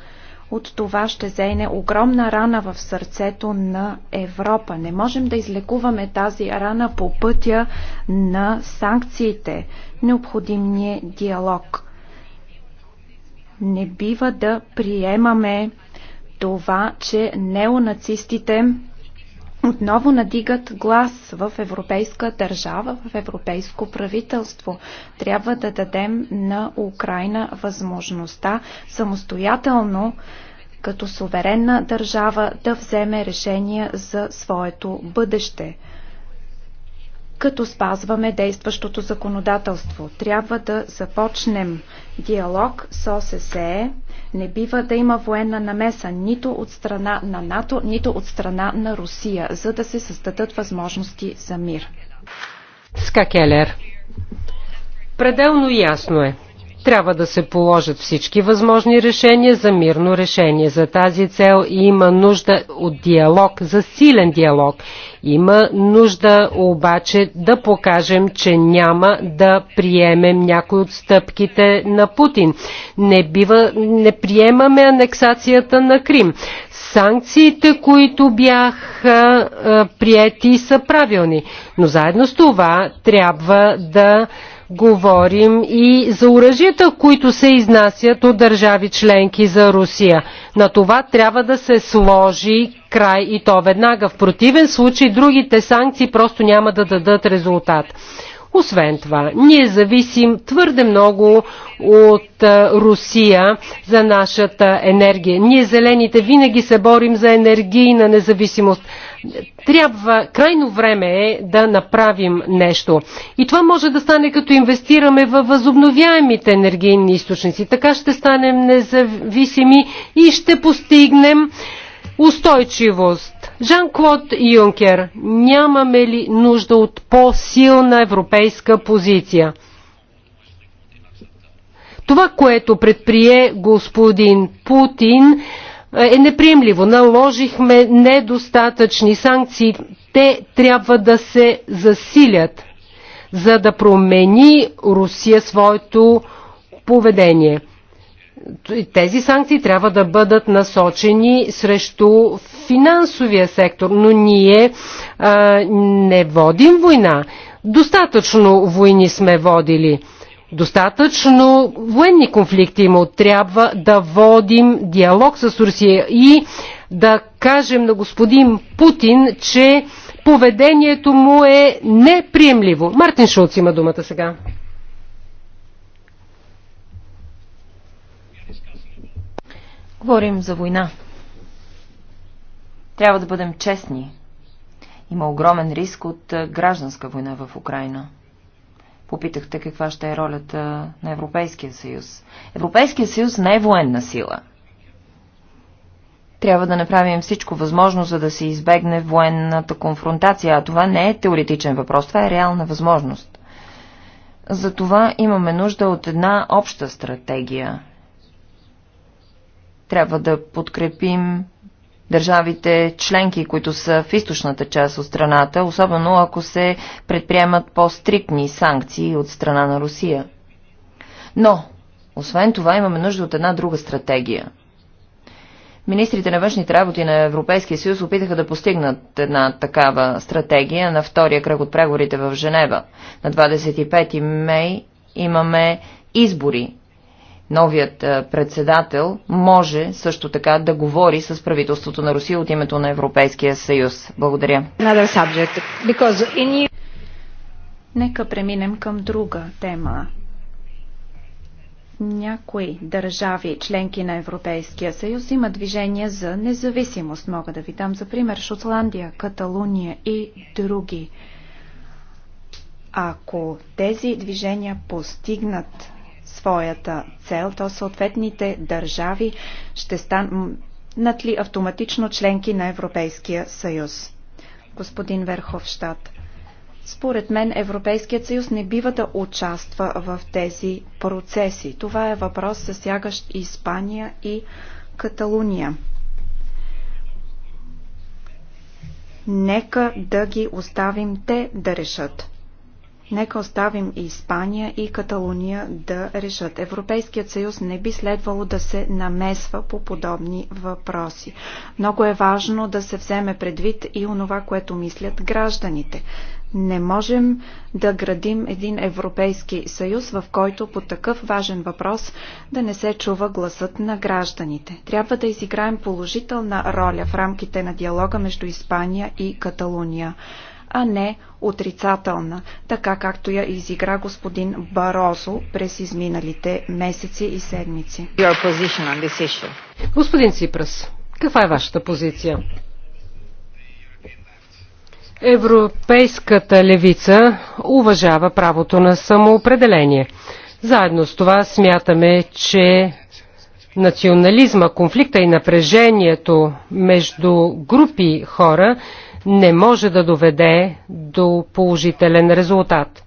от това ще зейне огромна рана в сърцето на Европа. Не можем да излекуваме тази рана по пътя на санкциите. Необходим ни е диалог. Не бива да приемаме това, че неонацистите отново надигат глас в европейска държава, в европейско правителство. Трябва да дадем на Украина възможността самостоятелно като суверенна държава да вземе решения за своето бъдеще като спазваме действащото законодателство. Трябва да започнем диалог с ОССЕ, не бива да има военна намеса нито от страна на НАТО, нито от страна на Русия, за да се създадат възможности за мир. Ска Келер. Пределно ясно е. Трябва да се положат всички възможни решения за мирно решение. За тази цел има нужда от диалог, за силен диалог има нужда обаче да покажем, че няма да приемем някои от стъпките на Путин. Не, бива, не приемаме анексацията на Крим. Санкциите, които бяха прияти, са правилни. Но заедно с това трябва да Говорим и за оръжията, които се изнасят от държави членки за Русия. На това трябва да се сложи край и то веднага. В противен случай другите санкции просто няма да дадат резултат. Освен това, ние зависим твърде много от Русия за нашата енергия. Ние зелените винаги се борим за енергийна независимост. Трябва, крайно време е да направим нещо. И това може да стане като инвестираме в възобновяемите енергийни източници. Така ще станем независими и ще постигнем устойчивост. Жан-Клод Юнкер, нямаме ли нужда от по-силна европейска позиция? Това, което предприе господин Путин, е неприемливо. Наложихме недостатъчни санкции. Те трябва да се засилят, за да промени Русия своето поведение тези санкции трябва да бъдат насочени срещу финансовия сектор, но ние а, не водим война. Достатъчно войни сме водили. Достатъчно военни конфликти има. Трябва да водим диалог с Русия и да кажем на господин Путин, че поведението му е неприемливо. Мартин Шулц има думата сега. Говорим за война. Трябва да бъдем честни. Има огромен риск от гражданска война в Украина. Попитахте каква ще е ролята на Европейския съюз. Европейския съюз не е военна сила. Трябва да направим всичко възможно, за да се избегне военната конфронтация, а това не е теоретичен въпрос, това е реална възможност. Затова имаме нужда от една обща стратегия, трябва да подкрепим държавите членки, които са в източната част от страната, особено ако се предприемат по-стриктни санкции от страна на Русия. Но, освен това, имаме нужда от една друга стратегия. Министрите на външните работи на Европейския съюз опитаха да постигнат една такава стратегия на втория кръг от преговорите в Женева. На 25 май имаме избори новият е, председател може също така да говори с правителството на Русия от името на Европейския съюз. Благодаря. Нека преминем към друга тема. Някои държави, членки на Европейския съюз, има движение за независимост. Мога да ви дам за пример Шотландия, Каталуния и други. Ако тези движения постигнат своята цел, то съответните държави ще станат ли автоматично членки на Европейския съюз? Господин Верховщад, според мен Европейският съюз не бива да участва в тези процеси. Това е въпрос, засягащ Испания и Каталуния. Нека да ги оставим те да решат. Нека оставим и Испания и Каталуния да решат. Европейският съюз не би следвало да се намесва по подобни въпроси. Много е важно да се вземе предвид и онова, което мислят гражданите. Не можем да градим един Европейски съюз, в който по такъв важен въпрос да не се чува гласът на гражданите. Трябва да изиграем положителна роля в рамките на диалога между Испания и Каталуния а не отрицателна, така както я изигра господин Барозо през изминалите месеци и седмици. Господин Ципрас, каква е вашата позиция? Европейската левица уважава правото на самоопределение. Заедно с това смятаме, че национализма, конфликта и напрежението между групи хора не може да доведе до положителен резултат.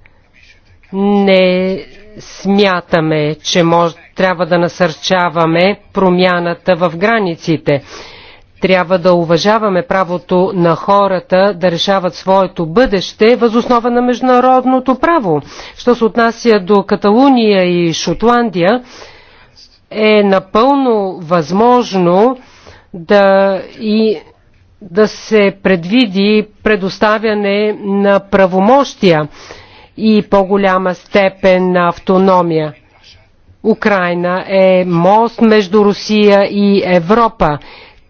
Не смятаме, че мож... трябва да насърчаваме промяната в границите. Трябва да уважаваме правото на хората да решават своето бъдеще възоснова на международното право. Що се отнася до Каталуния и Шотландия, е напълно възможно да и да се предвиди предоставяне на правомощия и по-голяма степен на автономия. Украина е мост между Русия и Европа.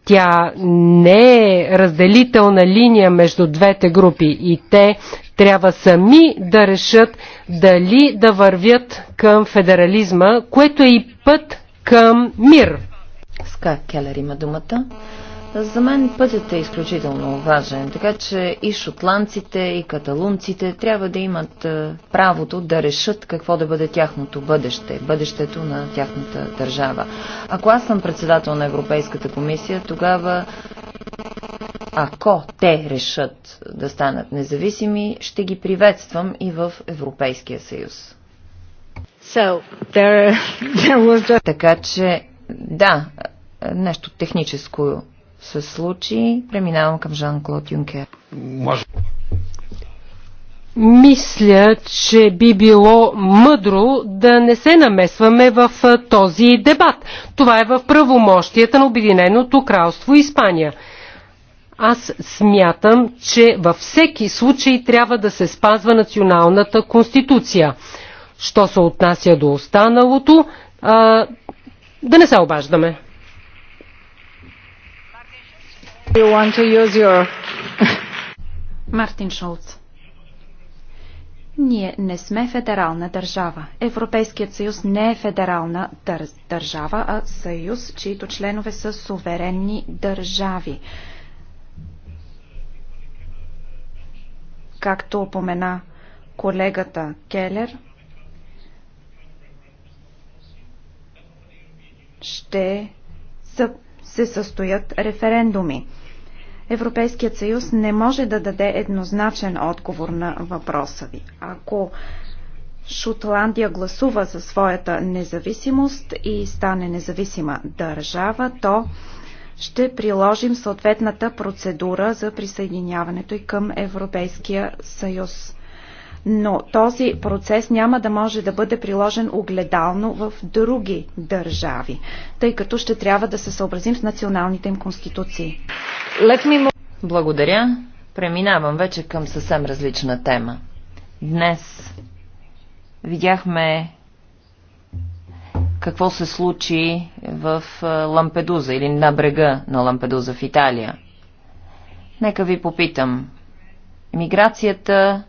Тя не е разделителна линия между двете групи и те трябва сами да решат дали да вървят към федерализма, което е и път към мир. Ска Келер има думата. За мен пътят е изключително важен, така че и шотландците, и каталунците трябва да имат е, правото да решат какво да бъде тяхното бъдеще, бъдещето на тяхната държава. Ако аз съм председател на Европейската комисия, тогава ако те решат да станат независими, ще ги приветствам и в Европейския съюз. So, there, there was... Така че, да, е, нещо техническо се случи. Преминавам към Жан-Клод Юнкер. Може. Мисля, че би било мъдро да не се намесваме в този дебат. Това е в правомощията на Обединеното кралство Испания. Аз смятам, че във всеки случай трябва да се спазва националната конституция. Що се отнася до останалото, а, да не се обаждаме. You want to use your... Мартин Шулц. Ние не сме федерална държава. Европейският съюз не е федерална дър... държава, а съюз, чието членове са суверенни държави. Както опомена колегата Келер, ще се състоят референдуми. Европейският съюз не може да даде еднозначен отговор на въпроса ви. Ако Шотландия гласува за своята независимост и стане независима държава, то ще приложим съответната процедура за присъединяването и към Европейския съюз но този процес няма да може да бъде приложен огледално в други държави, тъй като ще трябва да се съобразим с националните им конституции. Благодаря. Преминавам вече към съвсем различна тема. Днес видяхме какво се случи в Лампедуза или на брега на Лампедуза в Италия. Нека ви попитам. Миграцията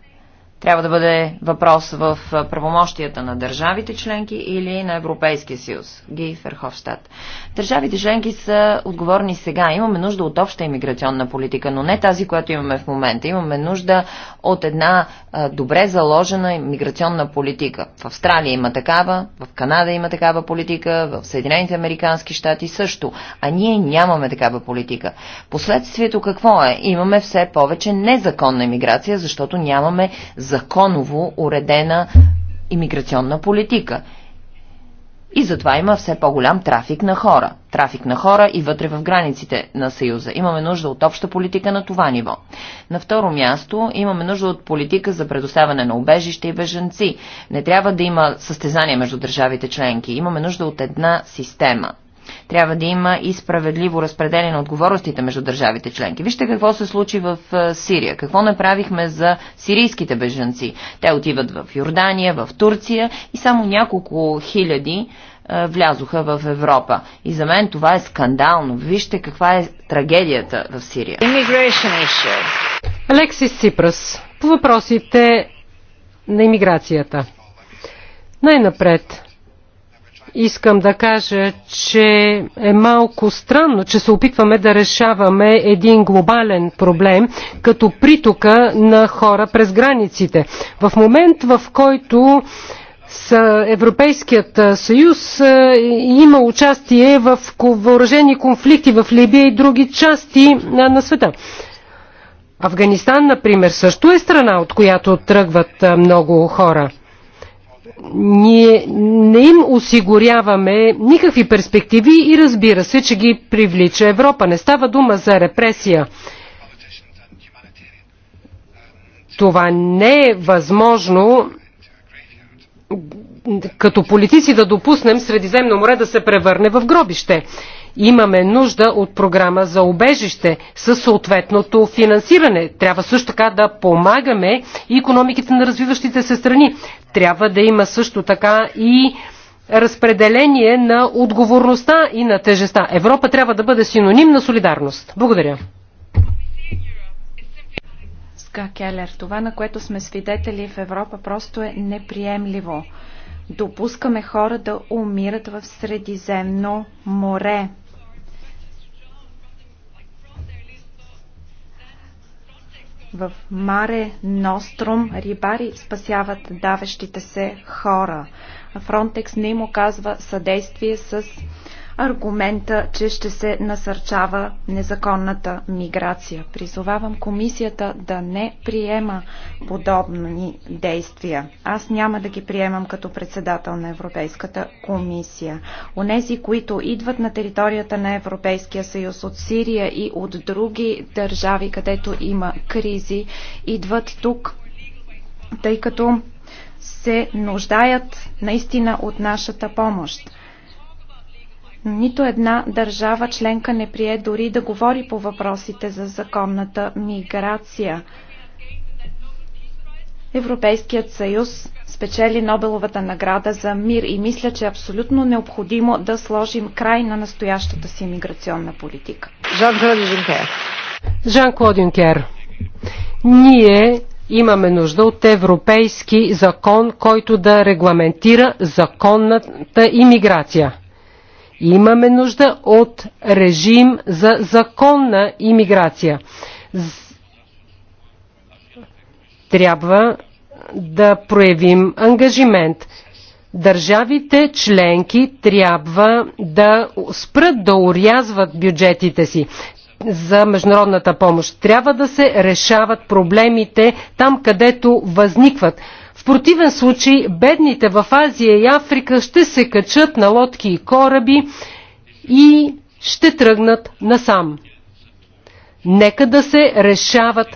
трябва да бъде въпрос в правомощията на държавите членки или на Европейския съюз. Ги Ферховщад. Държавите членки са отговорни сега. Имаме нужда от обща иммиграционна политика, но не тази, която имаме в момента. Имаме нужда от една добре заложена иммиграционна политика. В Австралия има такава, в Канада има такава политика, в Съединените Американски щати също. А ние нямаме такава политика. Последствието какво е? Имаме все повече незаконна иммиграция, защото нямаме законово уредена имиграционна политика. И затова има все по-голям трафик на хора. Трафик на хора и вътре в границите на Съюза. Имаме нужда от обща политика на това ниво. На второ място имаме нужда от политика за предоставяне на убежище и беженци. Не трябва да има състезание между държавите членки. Имаме нужда от една система – трябва да има и справедливо разпределение на отговорностите между държавите членки. Вижте какво се случи в е, Сирия. Какво направихме за сирийските бежанци? Те отиват в Йордания, в Турция и само няколко хиляди е, влязоха в Европа. И за мен това е скандално. Вижте каква е трагедията в Сирия. Алексис Ципрас, по въпросите на иммиграцията. Най-напред, искам да кажа, че е малко странно, че се опитваме да решаваме един глобален проблем, като притока на хора през границите. В момент, в който с Европейският съюз има участие в въоръжени конфликти в Либия и други части на света. Афганистан, например, също е страна, от която тръгват много хора – ние не им осигуряваме никакви перспективи и разбира се, че ги привлича Европа. Не става дума за репресия. Това не е възможно като политици да допуснем Средиземно море да се превърне в гробище. Имаме нужда от програма за обежище със съответното финансиране. Трябва също така да помагаме и економиките на развиващите се страни. Трябва да има също така и разпределение на отговорността и на тежеста. Европа трябва да бъде синоним на солидарност. Благодаря. Ска Келер, това на което сме свидетели в Европа просто е неприемливо. Допускаме хора да умират в Средиземно море. В Маре Ностром рибари спасяват давещите се хора. Фронтекс не им оказва съдействие с аргумента, че ще се насърчава незаконната миграция. Призовавам комисията да не приема подобни действия. Аз няма да ги приемам като председател на Европейската комисия. Онези, които идват на територията на Европейския съюз от Сирия и от други държави, където има кризи, идват тук, тъй като се нуждаят наистина от нашата помощ. Нито една държава членка не прие дори да говори по въпросите за законната миграция. Европейският съюз спечели Нобеловата награда за мир и мисля, че е абсолютно необходимо да сложим край на настоящата си миграционна политика. Жан-Клод Юнкер. Жан-Клод Юнкер. Ние имаме нужда от европейски закон, който да регламентира законната имиграция. Имаме нужда от режим за законна иммиграция. Трябва да проявим ангажимент. Държавите членки трябва да спрат да урязват бюджетите си за международната помощ. Трябва да се решават проблемите там, където възникват противен случай бедните в Азия и Африка ще се качат на лодки и кораби и ще тръгнат насам. Нека да се решават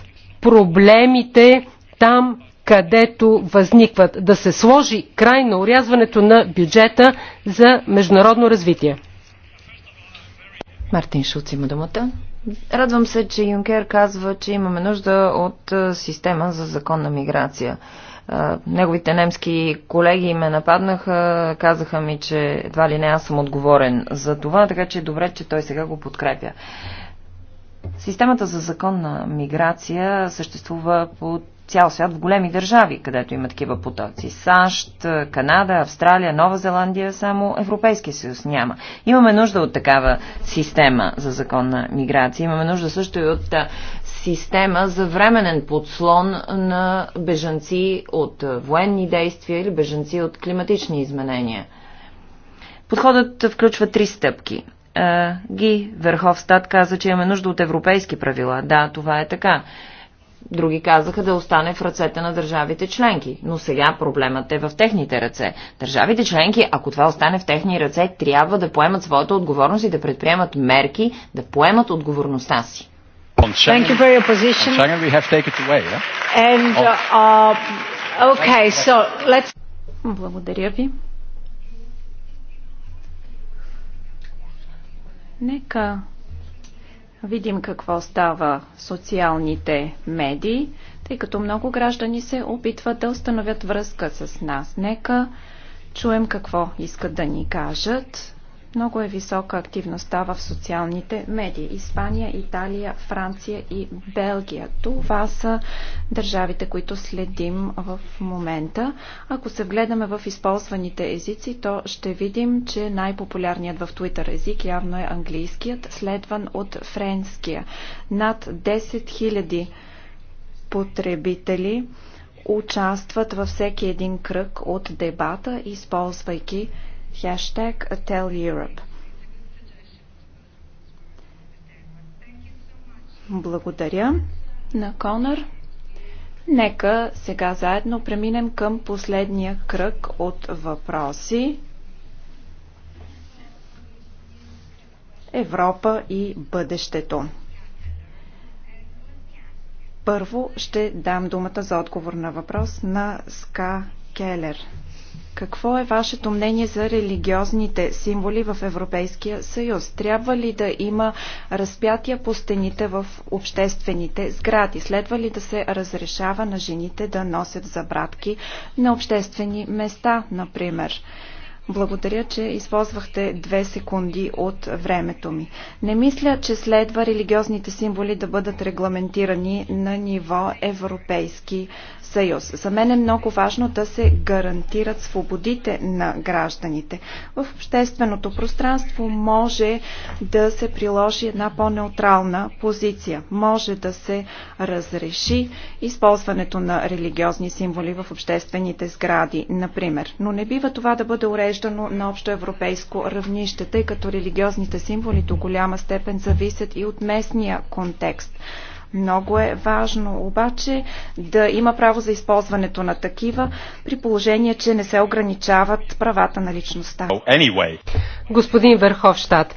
проблемите там, където възникват. Да се сложи край на урязването на бюджета за международно развитие. Мартин Шуц има думата. Радвам се, че Юнкер казва, че имаме нужда от система за законна миграция. Неговите немски колеги ме нападнаха, казаха ми, че едва ли не аз съм отговорен за това, така че е добре, че той сега го подкрепя. Системата за законна миграция съществува по цял свят в големи държави, където има такива потоци. САЩ, Канада, Австралия, Нова Зеландия, само Европейския съюз няма. Имаме нужда от такава система за законна миграция. Имаме нужда също и от система за временен подслон на бежанци от е, военни действия или бежанци от климатични изменения. Подходът включва три стъпки. Е, Ги Верховстат каза, че имаме нужда от европейски правила. Да, това е така. Други казаха да остане в ръцете на държавите членки. Но сега проблемът е в техните ръце. Държавите членки, ако това остане в техни ръце, трябва да поемат своята отговорност и да предприемат мерки, да поемат отговорността си. On Schengen, Thank you for your position. On Schengen we have taken it away. Yeah? And oh. uh, okay, so let's. Благодаря ви. Нека видим какво става социалните медии, тъй като много граждани се опитват да установят връзка с нас. Нека чуем какво искат да ни кажат. Много е висока активността в социалните медии. Испания, Италия, Франция и Белгия. Това са държавите, които следим в момента. Ако се вгледаме в използваните езици, то ще видим, че най-популярният в Twitter език явно е английският, следван от френския. Над 10 000 потребители участват във всеки един кръг от дебата, използвайки хештег Благодаря на Конър. Нека сега заедно преминем към последния кръг от въпроси. Европа и бъдещето. Първо ще дам думата за отговор на въпрос на Ска Келер. Какво е вашето мнение за религиозните символи в Европейския съюз? Трябва ли да има разпятия по стените в обществените сгради? Следва ли да се разрешава на жените да носят забратки на обществени места, например? Благодаря, че използвахте две секунди от времето ми. Не мисля, че следва религиозните символи да бъдат регламентирани на ниво Европейски съюз. За мен е много важно да се гарантират свободите на гражданите. В общественото пространство може да се приложи една по-неутрална позиция. Може да се разреши използването на религиозни символи в обществените сгради, например. Но не бива това да бъде уреждано на общо европейско равнище, тъй като религиозните символи до голяма степен зависят и от местния контекст. Много е важно обаче да има право за използването на такива, при положение, че не се ограничават правата на личността. Anyway. Господин Верховщад,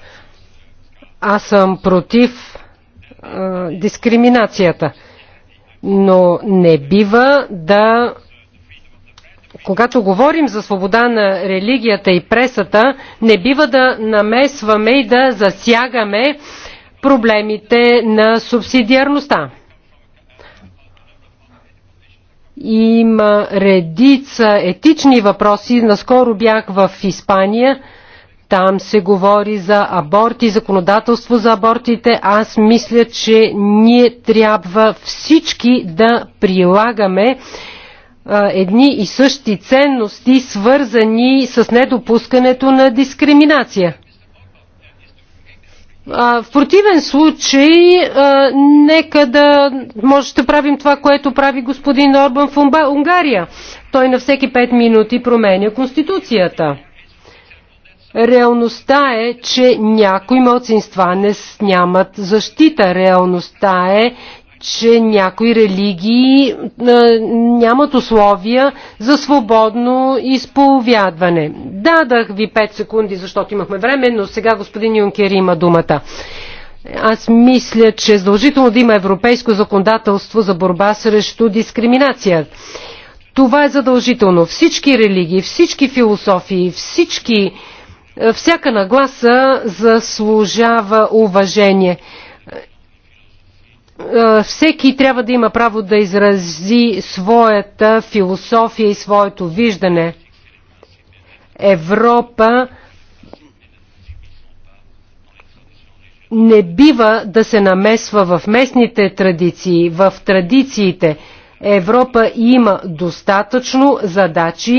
аз съм против е, дискриминацията, но не бива да когато говорим за свобода на религията и пресата, не бива да намесваме и да засягаме проблемите на субсидиарността. Има редица етични въпроси. Наскоро бях в Испания. Там се говори за аборти, законодателство за абортите. Аз мисля, че ние трябва всички да прилагаме едни и същи ценности, свързани с недопускането на дискриминация. В противен случай, нека да може да правим това, което прави господин Орбан в Унгария. Той на всеки 5 минути променя Конституцията. Реалността е, че някои младсинства не нямат защита. Реалността е, че някои религии нямат условия за свободно изповядване. Дадах ви 5 секунди, защото имахме време, но сега господин Юнкер има думата. Аз мисля, че е задължително да има европейско законодателство за борба срещу дискриминация. Това е задължително. Всички религии, всички философии, всички, всяка нагласа заслужава уважение. Е, всеки трябва да има право да изрази своята философия и своето виждане. Европа не бива да се намесва в местните традиции, в традициите. Европа има достатъчно задачи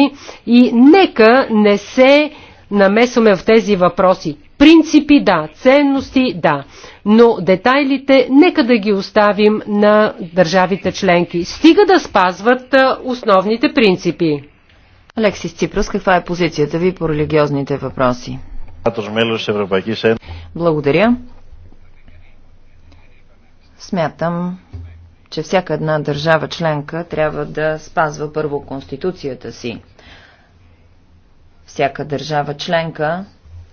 и нека не се намесваме в тези въпроси. Принципи да, ценности да, но детайлите нека да ги оставим на държавите членки. Стига да спазват основните принципи. Алексис Ципрус, каква е позицията ви по религиозните въпроси? Благодаря. Смятам, че всяка една държава членка трябва да спазва първо конституцията си. Всяка държава членка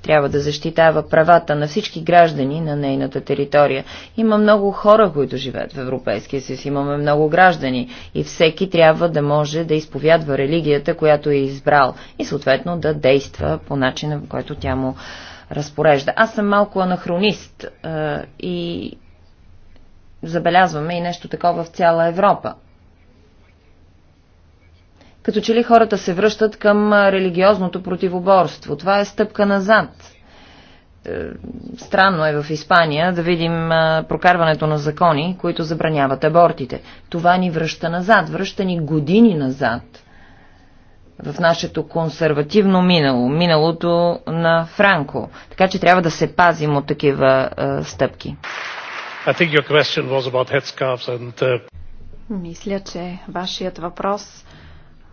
трябва да защитава правата на всички граждани на нейната територия. Има много хора, които живеят в Европейския съюз, имаме много граждани и всеки трябва да може да изповядва религията, която е избрал и съответно да действа по начина, по който тя му разпорежда. Аз съм малко анахронист и забелязваме и нещо такова в цяла Европа. Като че ли хората се връщат към религиозното противоборство. Това е стъпка назад. Е, странно е в Испания да видим прокарването на закони, които забраняват абортите. Това ни връща назад, връща ни години назад в нашето консервативно минало, миналото на Франко. Така че трябва да се пазим от такива е, стъпки. And... Uh, Мисля, че вашият въпрос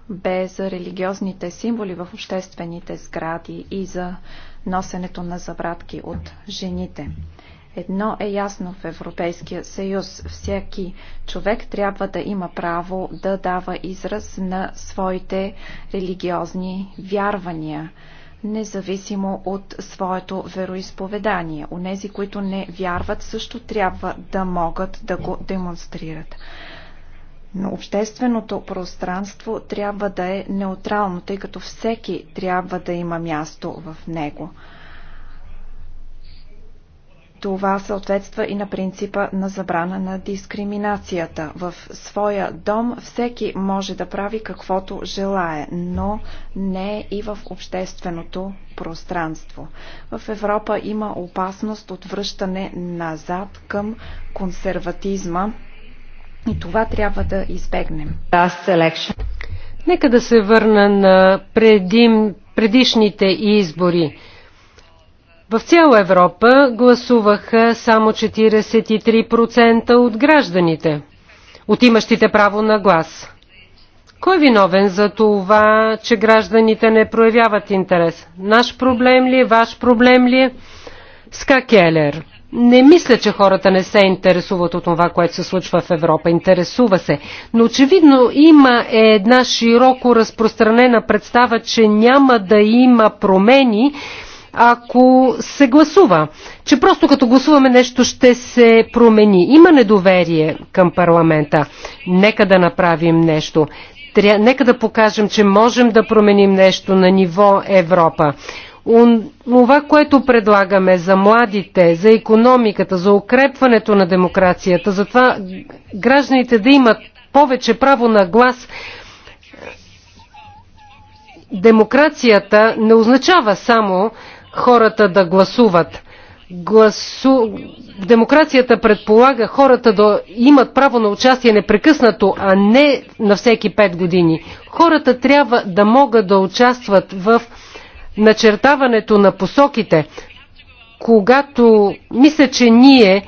бе за религиозните символи в обществените сгради и за носенето на забратки от жените. Едно е ясно в Европейския съюз. Всяки човек трябва да има право да дава израз на своите религиозни вярвания, независимо от своето вероисповедание. Онези, които не вярват, също трябва да могат да го демонстрират. Но общественото пространство трябва да е неутрално, тъй като всеки трябва да има място в него. Това съответства и на принципа на забрана на дискриминацията. В своя дом всеки може да прави каквото желае, но не и в общественото пространство. В Европа има опасност от връщане назад към консерватизма и това трябва да избегнем. Нека да се върна на предим, предишните избори. В цяла Европа гласуваха само 43% от гражданите, от имащите право на глас. Кой е виновен за това, че гражданите не проявяват интерес? Наш проблем ли е? Ваш проблем ли е? Ска Келер. Не мисля, че хората не се интересуват от това, което се случва в Европа. Интересува се. Но очевидно има една широко разпространена представа, че няма да има промени, ако се гласува. Че просто като гласуваме нещо ще се промени. Има недоверие към парламента. Нека да направим нещо. Тря... Нека да покажем, че можем да променим нещо на ниво Европа. Това, което предлагаме за младите, за економиката, за укрепването на демокрацията, за това гражданите да имат повече право на глас, демокрацията не означава само хората да гласуват. Гласу... Демокрацията предполага хората да имат право на участие непрекъснато, а не на всеки 5 години. Хората трябва да могат да участват в начертаването на посоките, когато мисля, че ние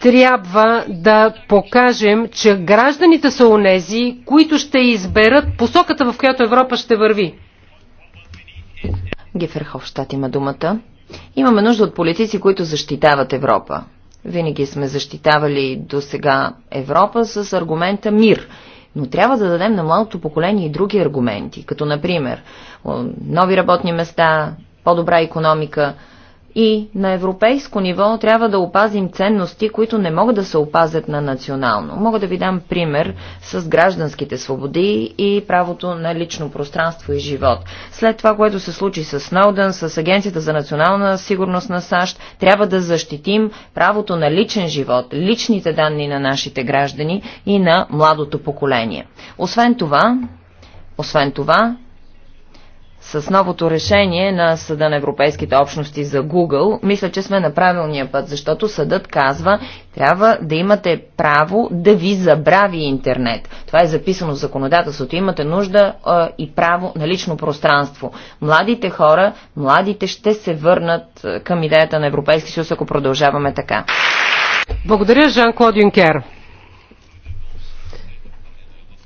трябва да покажем, че гражданите са онези, които ще изберат посоката, в която Европа ще върви. Геферховщат има думата. Имаме нужда от политици, които защитават Европа. Винаги сме защитавали до сега Европа с аргумента мир но трябва да дадем на младото поколение и други аргументи, като например нови работни места, по-добра економика, и на европейско ниво трябва да опазим ценности, които не могат да се опазят на национално. Мога да ви дам пример с гражданските свободи и правото на лично пространство и живот. След това, което се случи с Сноудън, с Агенцията за национална сигурност на САЩ, трябва да защитим правото на личен живот, личните данни на нашите граждани и на младото поколение. Освен това, освен това, с новото решение на Съда на Европейските общности за Google, мисля, че сме на правилния път, защото съдът казва, трябва да имате право да ви забрави интернет. Това е записано в законодателството. Имате нужда а, и право на лично пространство. Младите хора, младите ще се върнат към идеята на Европейски съюз, ако продължаваме така. Благодаря, Жан-Клод Юнкер.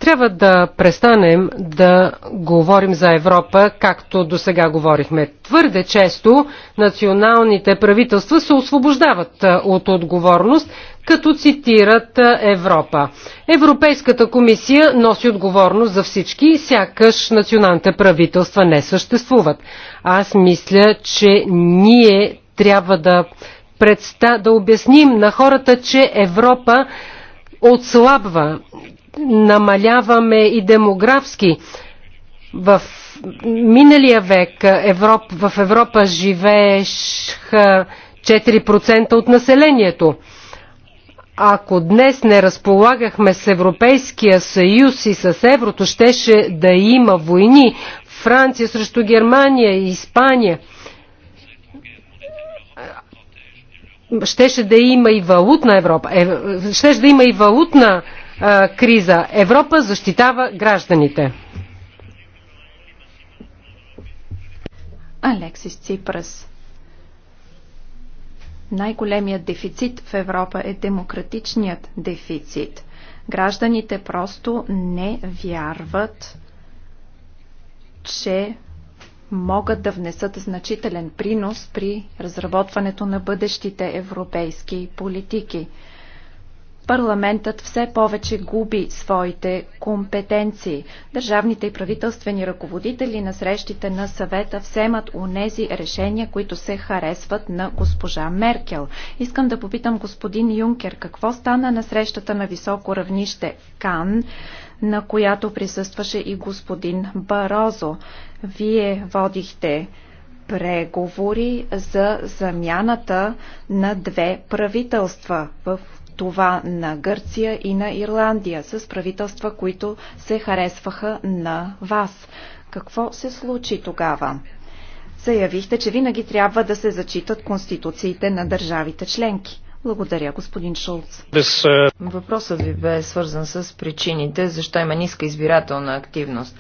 Трябва да престанем да говорим за Европа, както до сега говорихме. Твърде често националните правителства се освобождават от отговорност, като цитират Европа. Европейската комисия носи отговорност за всички, сякаш националните правителства не съществуват. Аз мисля, че ние трябва да, предста... да обясним на хората, че Европа отслабва намаляваме и демографски. В миналия век Европ, в Европа живееха 4% от населението. Ако днес не разполагахме с Европейския съюз и с еврото, щеше да има войни. Франция срещу Германия и Испания. Щеше да има и валутна Европа. Е, щеше да има и валутна а, криза. Европа защитава гражданите. Алексис Ципрас. Най-големият дефицит в Европа е демократичният дефицит. Гражданите просто не вярват, че могат да внесат значителен принос при разработването на бъдещите европейски политики парламентът все повече губи своите компетенции. Държавните и правителствени ръководители на срещите на съвета вземат унези решения, които се харесват на госпожа Меркел. Искам да попитам господин Юнкер, какво стана на срещата на високо равнище Кан, на която присъстваше и господин Барозо. Вие водихте преговори за замяната на две правителства в това на Гърция и на Ирландия, с правителства, които се харесваха на вас. Какво се случи тогава? Заявихте, че винаги трябва да се зачитат конституциите на държавите членки. Благодаря, господин Шулц. Е, Въпросът ви бе свързан с причините, защо има ниска избирателна активност.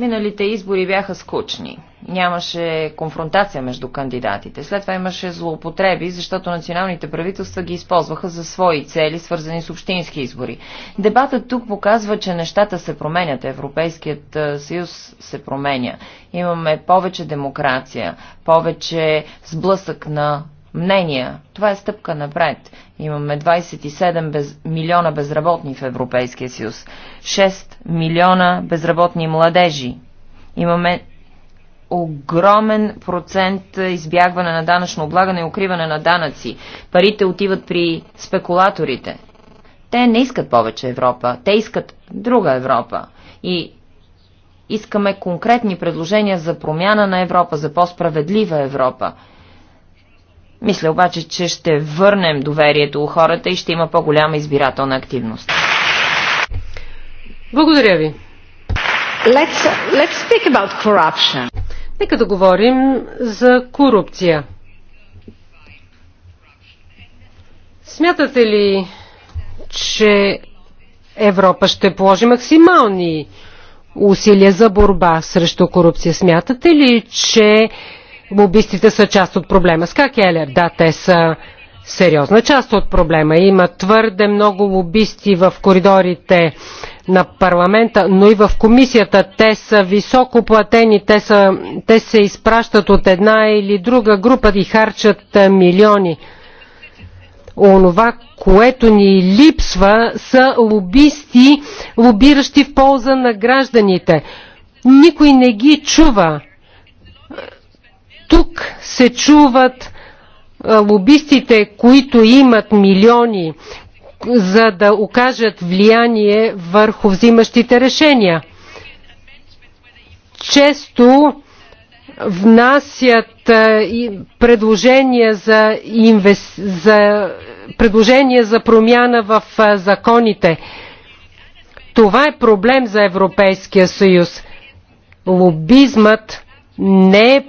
Миналите избори бяха скучни. Нямаше конфронтация между кандидатите. След това имаше злоупотреби, защото националните правителства ги използваха за свои цели, свързани с общински избори. Дебатът тук показва, че нещата се променят. Европейският е, съюз се променя. Имаме повече демокрация, повече сблъсък на мнения. Това е стъпка напред. Имаме 27 без, милиона безработни в Европейския съюз, 6 милиона безработни младежи. Имаме огромен процент избягване на данъчно облагане и укриване на данъци. Парите отиват при спекулаторите. Те не искат повече Европа, те искат друга Европа. И искаме конкретни предложения за промяна на Европа, за по-справедлива Европа. Мисля обаче, че ще върнем доверието у хората и ще има по-голяма избирателна активност. Благодаря ви. Let's, let's speak about corruption. Нека да говорим за корупция. Смятате ли, че Европа ще положи максимални усилия за борба срещу корупция? Смятате ли, че лобистите са част от проблема. С как Елер? Да, те са сериозна част от проблема. Има твърде много убийсти в коридорите на парламента, но и в комисията. Те са високо платени, те, са, те се изпращат от една или друга група и харчат милиони. Онова, което ни липсва, са лобисти, лобиращи в полза на гражданите. Никой не ги чува тук се чуват лобистите, които имат милиони, за да окажат влияние върху взимащите решения. Често внасят предложения за, инвес... за... предложения за промяна в законите. Това е проблем за Европейския съюз. Лобизмът не е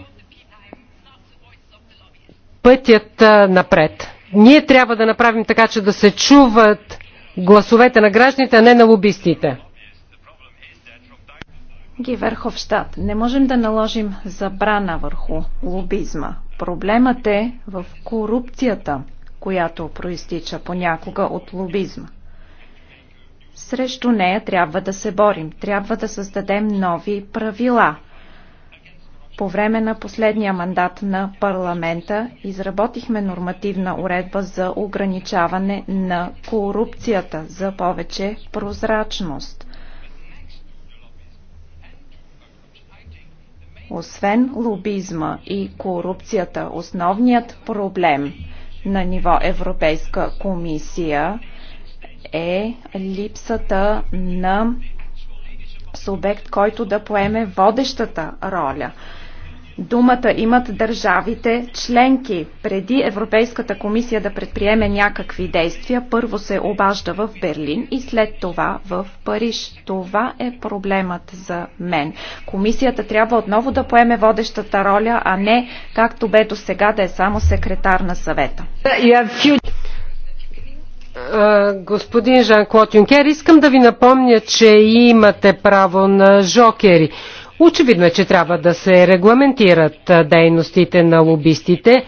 пътят напред. Ние трябва да направим така, че да се чуват гласовете на гражданите, а не на лобистите. Гиверховщад, не можем да наложим забрана върху лобизма. Проблемът е в корупцията, която проистича понякога от лобизма. Срещу нея трябва да се борим, трябва да създадем нови правила – по време на последния мандат на парламента изработихме нормативна уредба за ограничаване на корупцията за повече прозрачност. Освен лобизма и корупцията, основният проблем на ниво Европейска комисия е липсата на субект, който да поеме водещата роля Думата имат държавите членки. Преди Европейската комисия да предприеме някакви действия, първо се обажда в Берлин и след това в Париж. Това е проблемът за мен. Комисията трябва отново да поеме водещата роля, а не както бе до сега да е само секретар на съвета. Господин Жан-Клод Юнкер, искам да ви напомня, че имате право на жокери. Очевидно е, че трябва да се регламентират дейностите на лобистите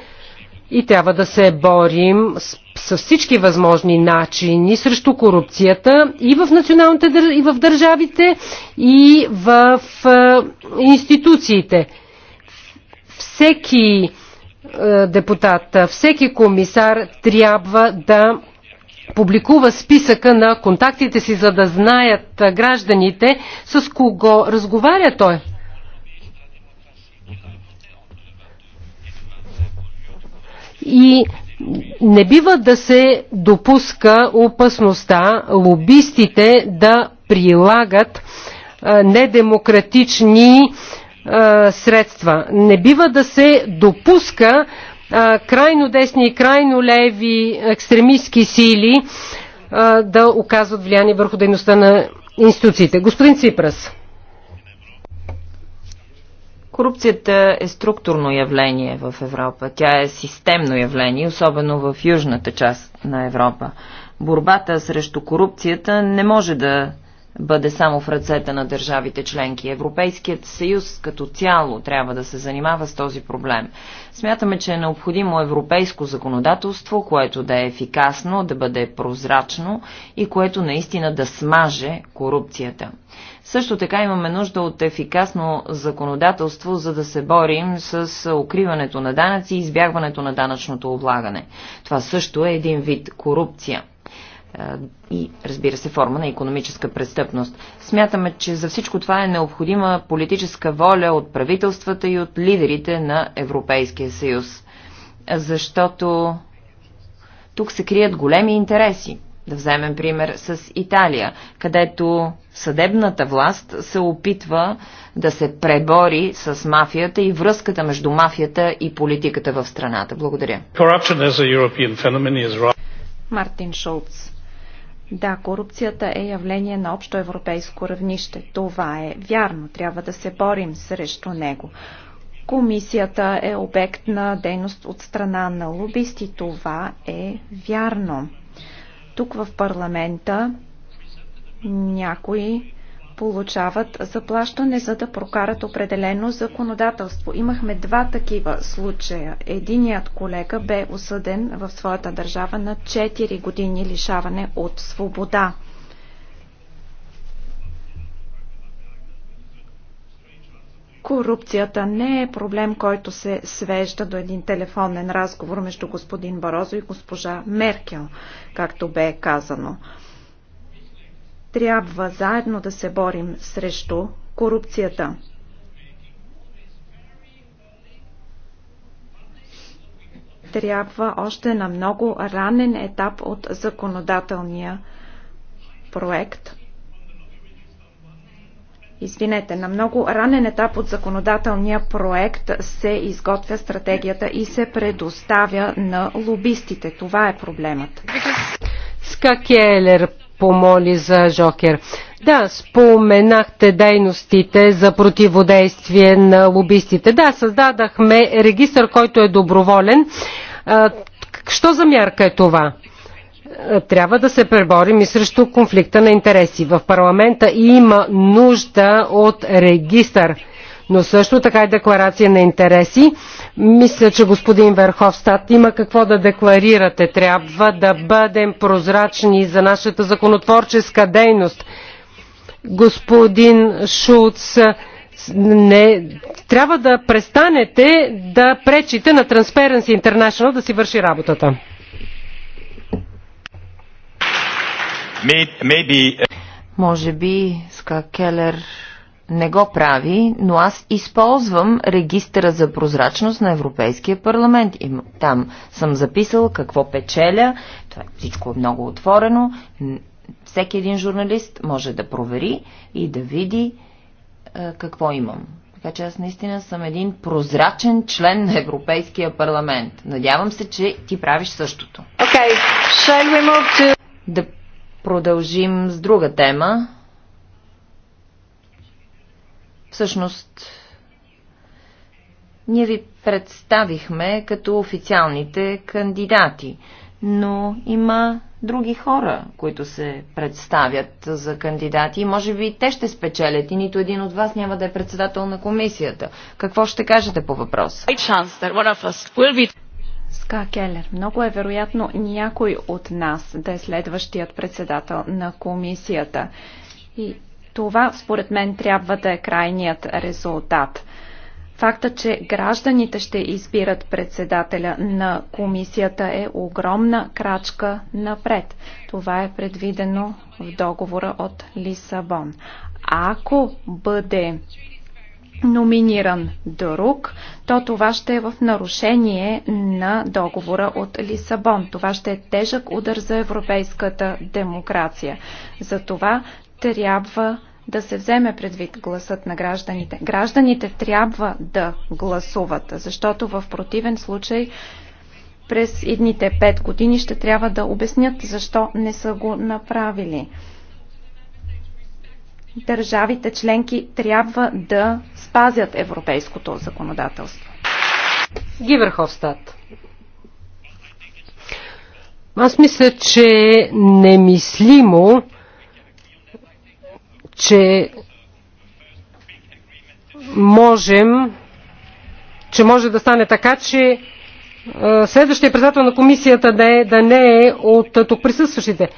и трябва да се борим с, с всички възможни начини срещу корупцията и в националните и в държавите, и в институциите. Всеки депутат, всеки комисар трябва да публикува списъка на контактите си, за да знаят гражданите с кого разговаря той. И не бива да се допуска опасността лобистите да прилагат недемократични средства. Не бива да се допуска крайно десни и крайно леви екстремистски сили да оказват влияние върху дейността на институциите. Господин Ципрас. Корупцията е структурно явление в Европа. Тя е системно явление, особено в южната част на Европа. Борбата срещу корупцията не може да бъде само в ръцете на държавите членки. Европейският съюз като цяло трябва да се занимава с този проблем. Смятаме, че е необходимо европейско законодателство, което да е ефикасно, да бъде прозрачно и което наистина да смаже корупцията. Също така имаме нужда от ефикасно законодателство, за да се борим с укриването на данъци и избягването на данъчното облагане. Това също е един вид корупция. Е, и, разбира се, форма на економическа престъпност. Смятаме, че за всичко това е необходима политическа воля от правителствата и от лидерите на Европейския съюз, защото тук се крият големи интереси. Да вземем пример с Италия, където съдебната власт се опитва да се пребори с мафията и връзката между мафията и политиката в страната. Благодаря. Мартин Шолц. Да, корупцията е явление на общо европейско равнище. Това е вярно. Трябва да се борим срещу него. Комисията е обект на дейност от страна на лобисти. Това е вярно. Тук в парламента някои получават заплащане, за да прокарат определено законодателство. Имахме два такива случая. Единият колега бе осъден в своята държава на 4 години лишаване от свобода. Корупцията не е проблем, който се свежда до един телефонен разговор между господин Барозо и госпожа Меркел, както бе казано. Трябва заедно да се борим срещу корупцията. Трябва още на много ранен етап от законодателния проект. Извинете, на много ранен етап от законодателния проект се изготвя стратегията и се предоставя на лобистите. Това е проблемът. Скакелер помоли за Жокер. Да, споменахте дейностите за противодействие на лобистите. Да, създадахме регистр, който е доброволен. Що за мярка е това? трябва да се преборим и срещу конфликта на интереси. В парламента има нужда от регистър но също така и декларация на интереси. Мисля, че господин Верховстат има какво да декларирате. Трябва да бъдем прозрачни за нашата законотворческа дейност. Господин Шулц, не, трябва да престанете да пречите на Transparency International да си върши работата. Maybe... Uh, Може би Ска Келер не го прави, но аз използвам регистъра за прозрачност на Европейския парламент. И там съм записал какво печеля. Това е всичко е много отворено. Всеки един журналист може да провери и да види е, какво имам. Така че аз наистина съм един прозрачен член на Европейския парламент. Надявам се, че ти правиш същото. Okay. Shall we move to... Да продължим с друга тема. Всъщност, ние ви представихме като официалните кандидати, но има други хора, които се представят за кандидати и може би те ще спечелят и нито един от вас няма да е председател на комисията. Какво ще кажете по въпрос? Ска Келер, много е вероятно някой от нас да е следващият председател на комисията. И това, според мен, трябва да е крайният резултат. Факта, че гражданите ще избират председателя на комисията е огромна крачка напред. Това е предвидено в договора от Лисабон. Ако бъде номиниран друг, то това ще е в нарушение на договора от Лисабон. Това ще е тежък удар за европейската демокрация. За това трябва да се вземе предвид гласът на гражданите. Гражданите трябва да гласуват, защото в противен случай през едните пет години ще трябва да обяснят защо не са го направили. Държавите членки трябва да спазят европейското законодателство. Гиверховстат. Аз мисля, че е немислимо че можем, че може да стане така, че е, следващия председател на комисията да, е, да не е от е, тук присъстващите.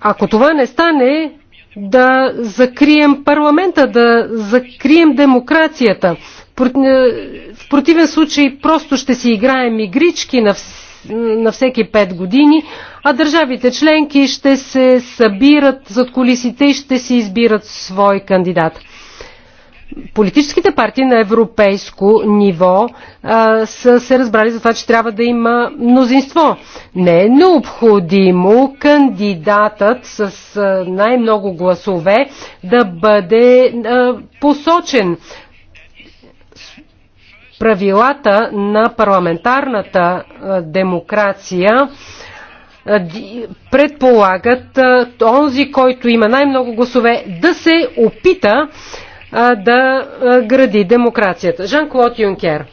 Ако това не стане, да закрием парламента, да закрием демокрацията. Е, в противен случай просто ще си играем игрички на всеки на всеки 5 години, а държавите членки ще се събират зад колисите и ще си избират свой кандидат. Политическите партии на европейско ниво а, са се разбрали за това, че трябва да има мнозинство. Не е необходимо кандидатът с най-много гласове да бъде а, посочен правилата на парламентарната демокрация предполагат онзи, който има най-много гласове, да се опита да гради демокрацията. Жан-Клод Юнкер.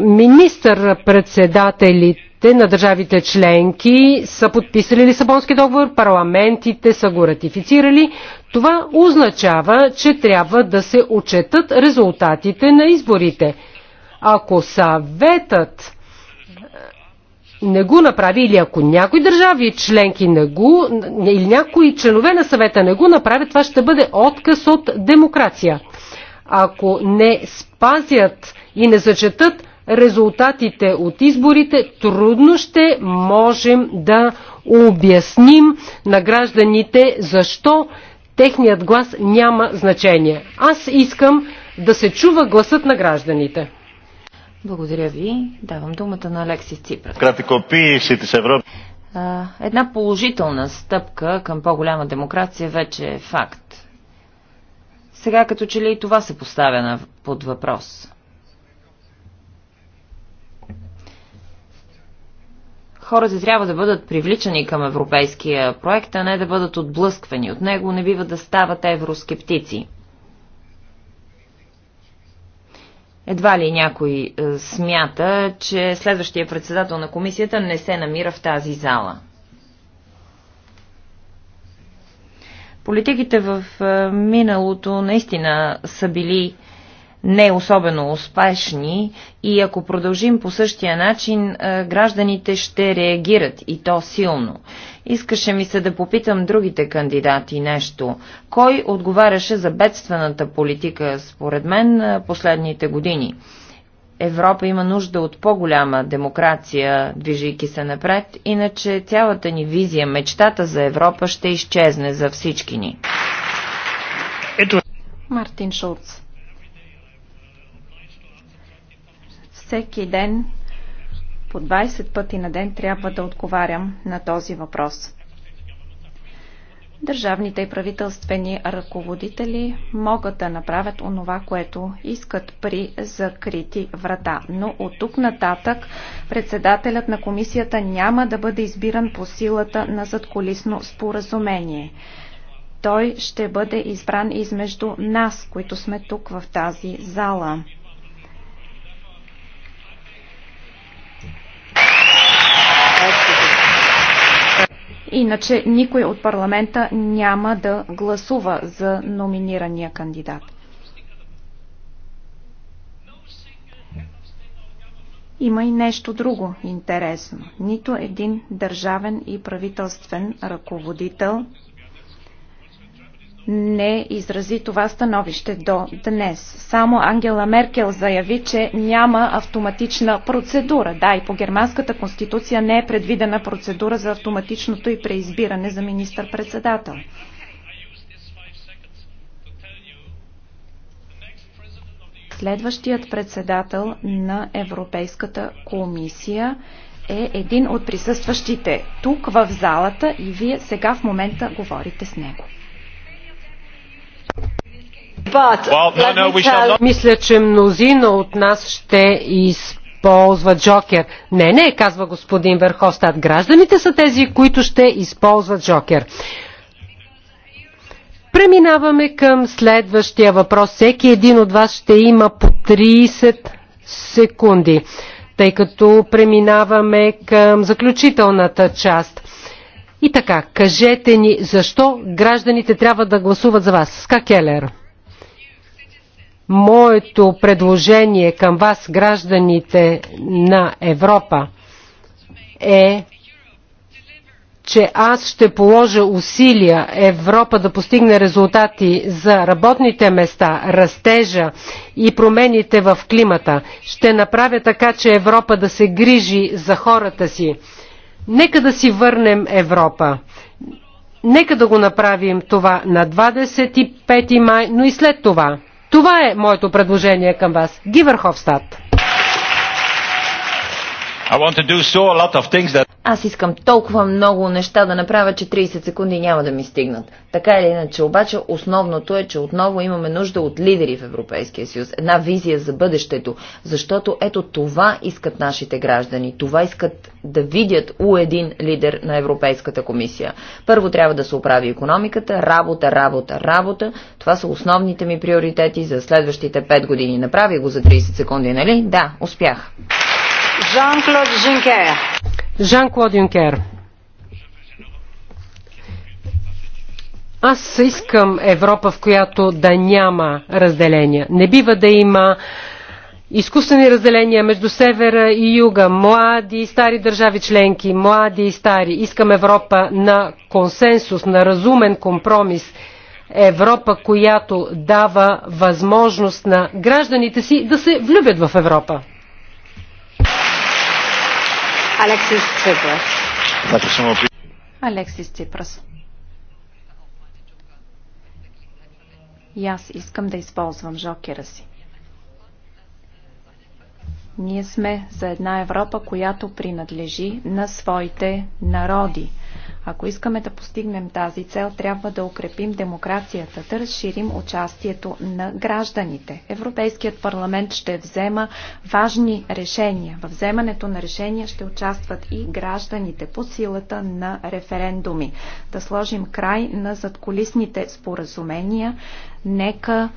Министър-председателите парламентите на държавите членки са подписали Лисабонски договор, парламентите са го ратифицирали. Това означава, че трябва да се отчетат резултатите на изборите. Ако съветът е, не го направи или ако някои държави членки не го, или някои членове на съвета не го направят, това ще бъде отказ от демокрация. Ако не спазят и не зачетат резултатите от изборите, трудно ще можем да обясним на гражданите защо техният глас няма значение. Аз искам да се чува гласът на гражданите. Благодаря ви. Давам думата на Алексис Ципрас. Кратикопиеши с Европа. Една положителна стъпка към по-голяма демокрация вече е факт. Сега като че ли и това се поставя на, под въпрос. хората трябва да бъдат привличани към европейския проект, а не да бъдат отблъсквани. От него не бива да стават евроскептици. Едва ли някой е, смята, че следващия председател на комисията не се намира в тази зала. Политиките в е, миналото наистина са били не особено успешни и ако продължим по същия начин, е, гражданите ще реагират и то силно. Искаше ми се да попитам другите кандидати нещо. Кой отговаряше за бедствената политика, според мен, е, последните години? Европа има нужда от по-голяма демокрация, движейки се напред, иначе цялата ни визия, мечтата за Европа ще изчезне за всички ни. Ето. Мартин Шулц. Всеки ден по 20 пъти на ден трябва да отговарям на този въпрос. Държавните и правителствени ръководители могат да направят онова, което искат при закрити врата. Но от тук нататък председателят на комисията няма да бъде избиран по силата на задколисно споразумение. Той ще бъде избран измежду нас, които сме тук в тази зала. Иначе никой от парламента няма да гласува за номинирания кандидат. Има и нещо друго интересно. Нито един държавен и правителствен ръководител не изрази това становище до днес. Само Ангела Меркел заяви, че няма автоматична процедура. Да, и по германската конституция не е предвидена процедура за автоматичното и преизбиране за министър-председател. Следващият председател на Европейската комисия е един от присъстващите тук в залата и вие сега в момента говорите с него. Мисля, че мнозина от нас ще използват Джокер. Не, не, казва господин Верховстат. Гражданите са тези, които ще използват Джокер. Преминаваме към следващия въпрос. Всеки един от вас ще има по 30 секунди, тъй като преминаваме към заключителната част. И така, кажете ни, защо гражданите трябва да гласуват за вас? Ска Келер. Моето предложение към вас, гражданите на Европа, е, че аз ще положа усилия Европа да постигне резултати за работните места, растежа и промените в климата. Ще направя така, че Европа да се грижи за хората си. Нека да си върнем Европа. Нека да го направим това на 25 май, но и след това. Това е моето предложение към вас. Гивърховстат. Аз искам толкова много неща да направя, че 30 секунди няма да ми стигнат. Така или иначе, обаче основното е, че отново имаме нужда от лидери в Европейския съюз. Една визия за бъдещето, защото ето това искат нашите граждани. Това искат да видят у един лидер на Европейската комисия. Първо трябва да се оправи економиката, работа, работа, работа. Това са основните ми приоритети за следващите 5 години. Направи го за 30 секунди, нали? Да, успях жан claude Juncker. Jean-Claude Юнкер. Аз искам Европа, в която да няма разделения. Не бива да има изкуствени разделения между севера и юга, млади и стари държави членки, млади и стари. Искам Европа на консенсус, на разумен компромис. Европа, която дава възможност на гражданите си да се влюбят в Европа. Алексис Ципрас. Значи Алексис Ципрас. И аз искам да използвам жокера си. Ние сме за една Европа, която принадлежи на своите народи – ако искаме да постигнем тази цел, трябва да укрепим демокрацията, да разширим участието на гражданите. Европейският парламент ще взема важни решения. Във вземането на решения ще участват и гражданите по силата на референдуми. Да сложим край на задколисните споразумения. Нека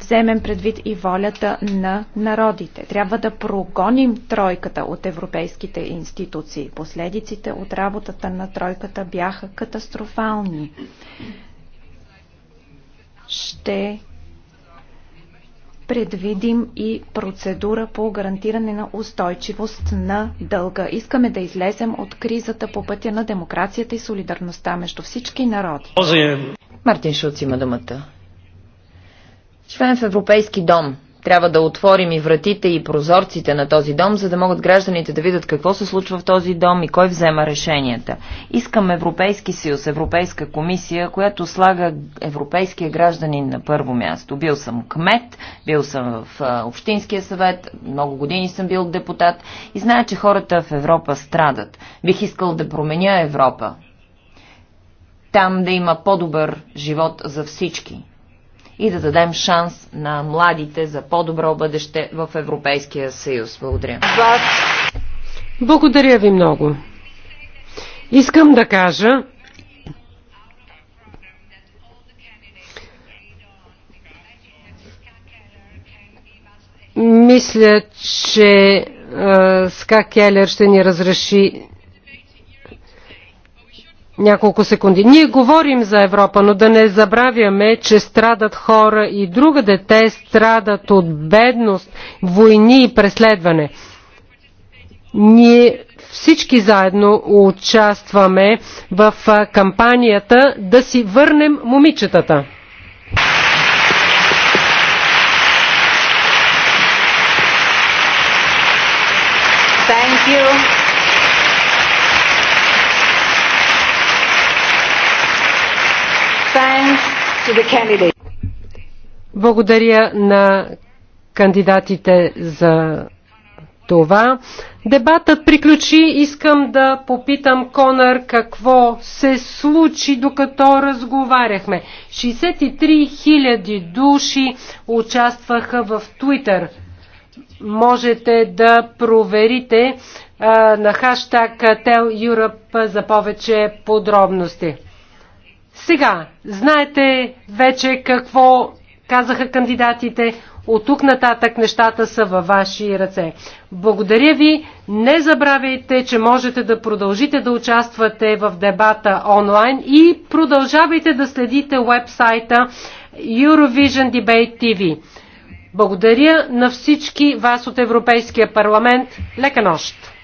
вземем предвид и волята на народите. Трябва да прогоним тройката от европейските институции. Последиците от работата на тройката бяха катастрофални. Ще предвидим и процедура по гарантиране на устойчивост на дълга. Искаме да излезем от кризата по пътя на демокрацията и солидарността между всички народи. Е- Мартин Шуц има думата. Живеем в европейски дом. Трябва да отворим и вратите и прозорците на този дом, за да могат гражданите да видят какво се случва в този дом и кой взема решенията. Искам Европейски съюз, Европейска комисия, която слага европейския гражданин на първо място. Бил съм кмет, бил съм в Общинския съвет, много години съм бил депутат и зная, че хората в Европа страдат. Бих искал да променя Европа. Там да има по-добър живот за всички и да дадем шанс на младите за по-добро бъдеще в Европейския съюз. Благодаря. Благодаря ви много. Искам да кажа, мисля, че Ска Келер ще ни разреши няколко секунди. Ние говорим за Европа, но да не забравяме, че страдат хора и друга дете страдат от бедност, войни и преследване. Ние всички заедно участваме в кампанията да си върнем момичетата. Thank you. Благодаря на кандидатите за това. Дебатът приключи. Искам да попитам Конър какво се случи докато разговаряхме. 63 000 души участваха в Твитър. Можете да проверите а, на хаштаг Tell Europe за повече подробности. Сега, знаете вече какво казаха кандидатите. От тук нататък нещата са във ваши ръце. Благодаря ви. Не забравяйте, че можете да продължите да участвате в дебата онлайн и продължавайте да следите вебсайта Eurovision Debate TV. Благодаря на всички вас от Европейския парламент. Лека нощ!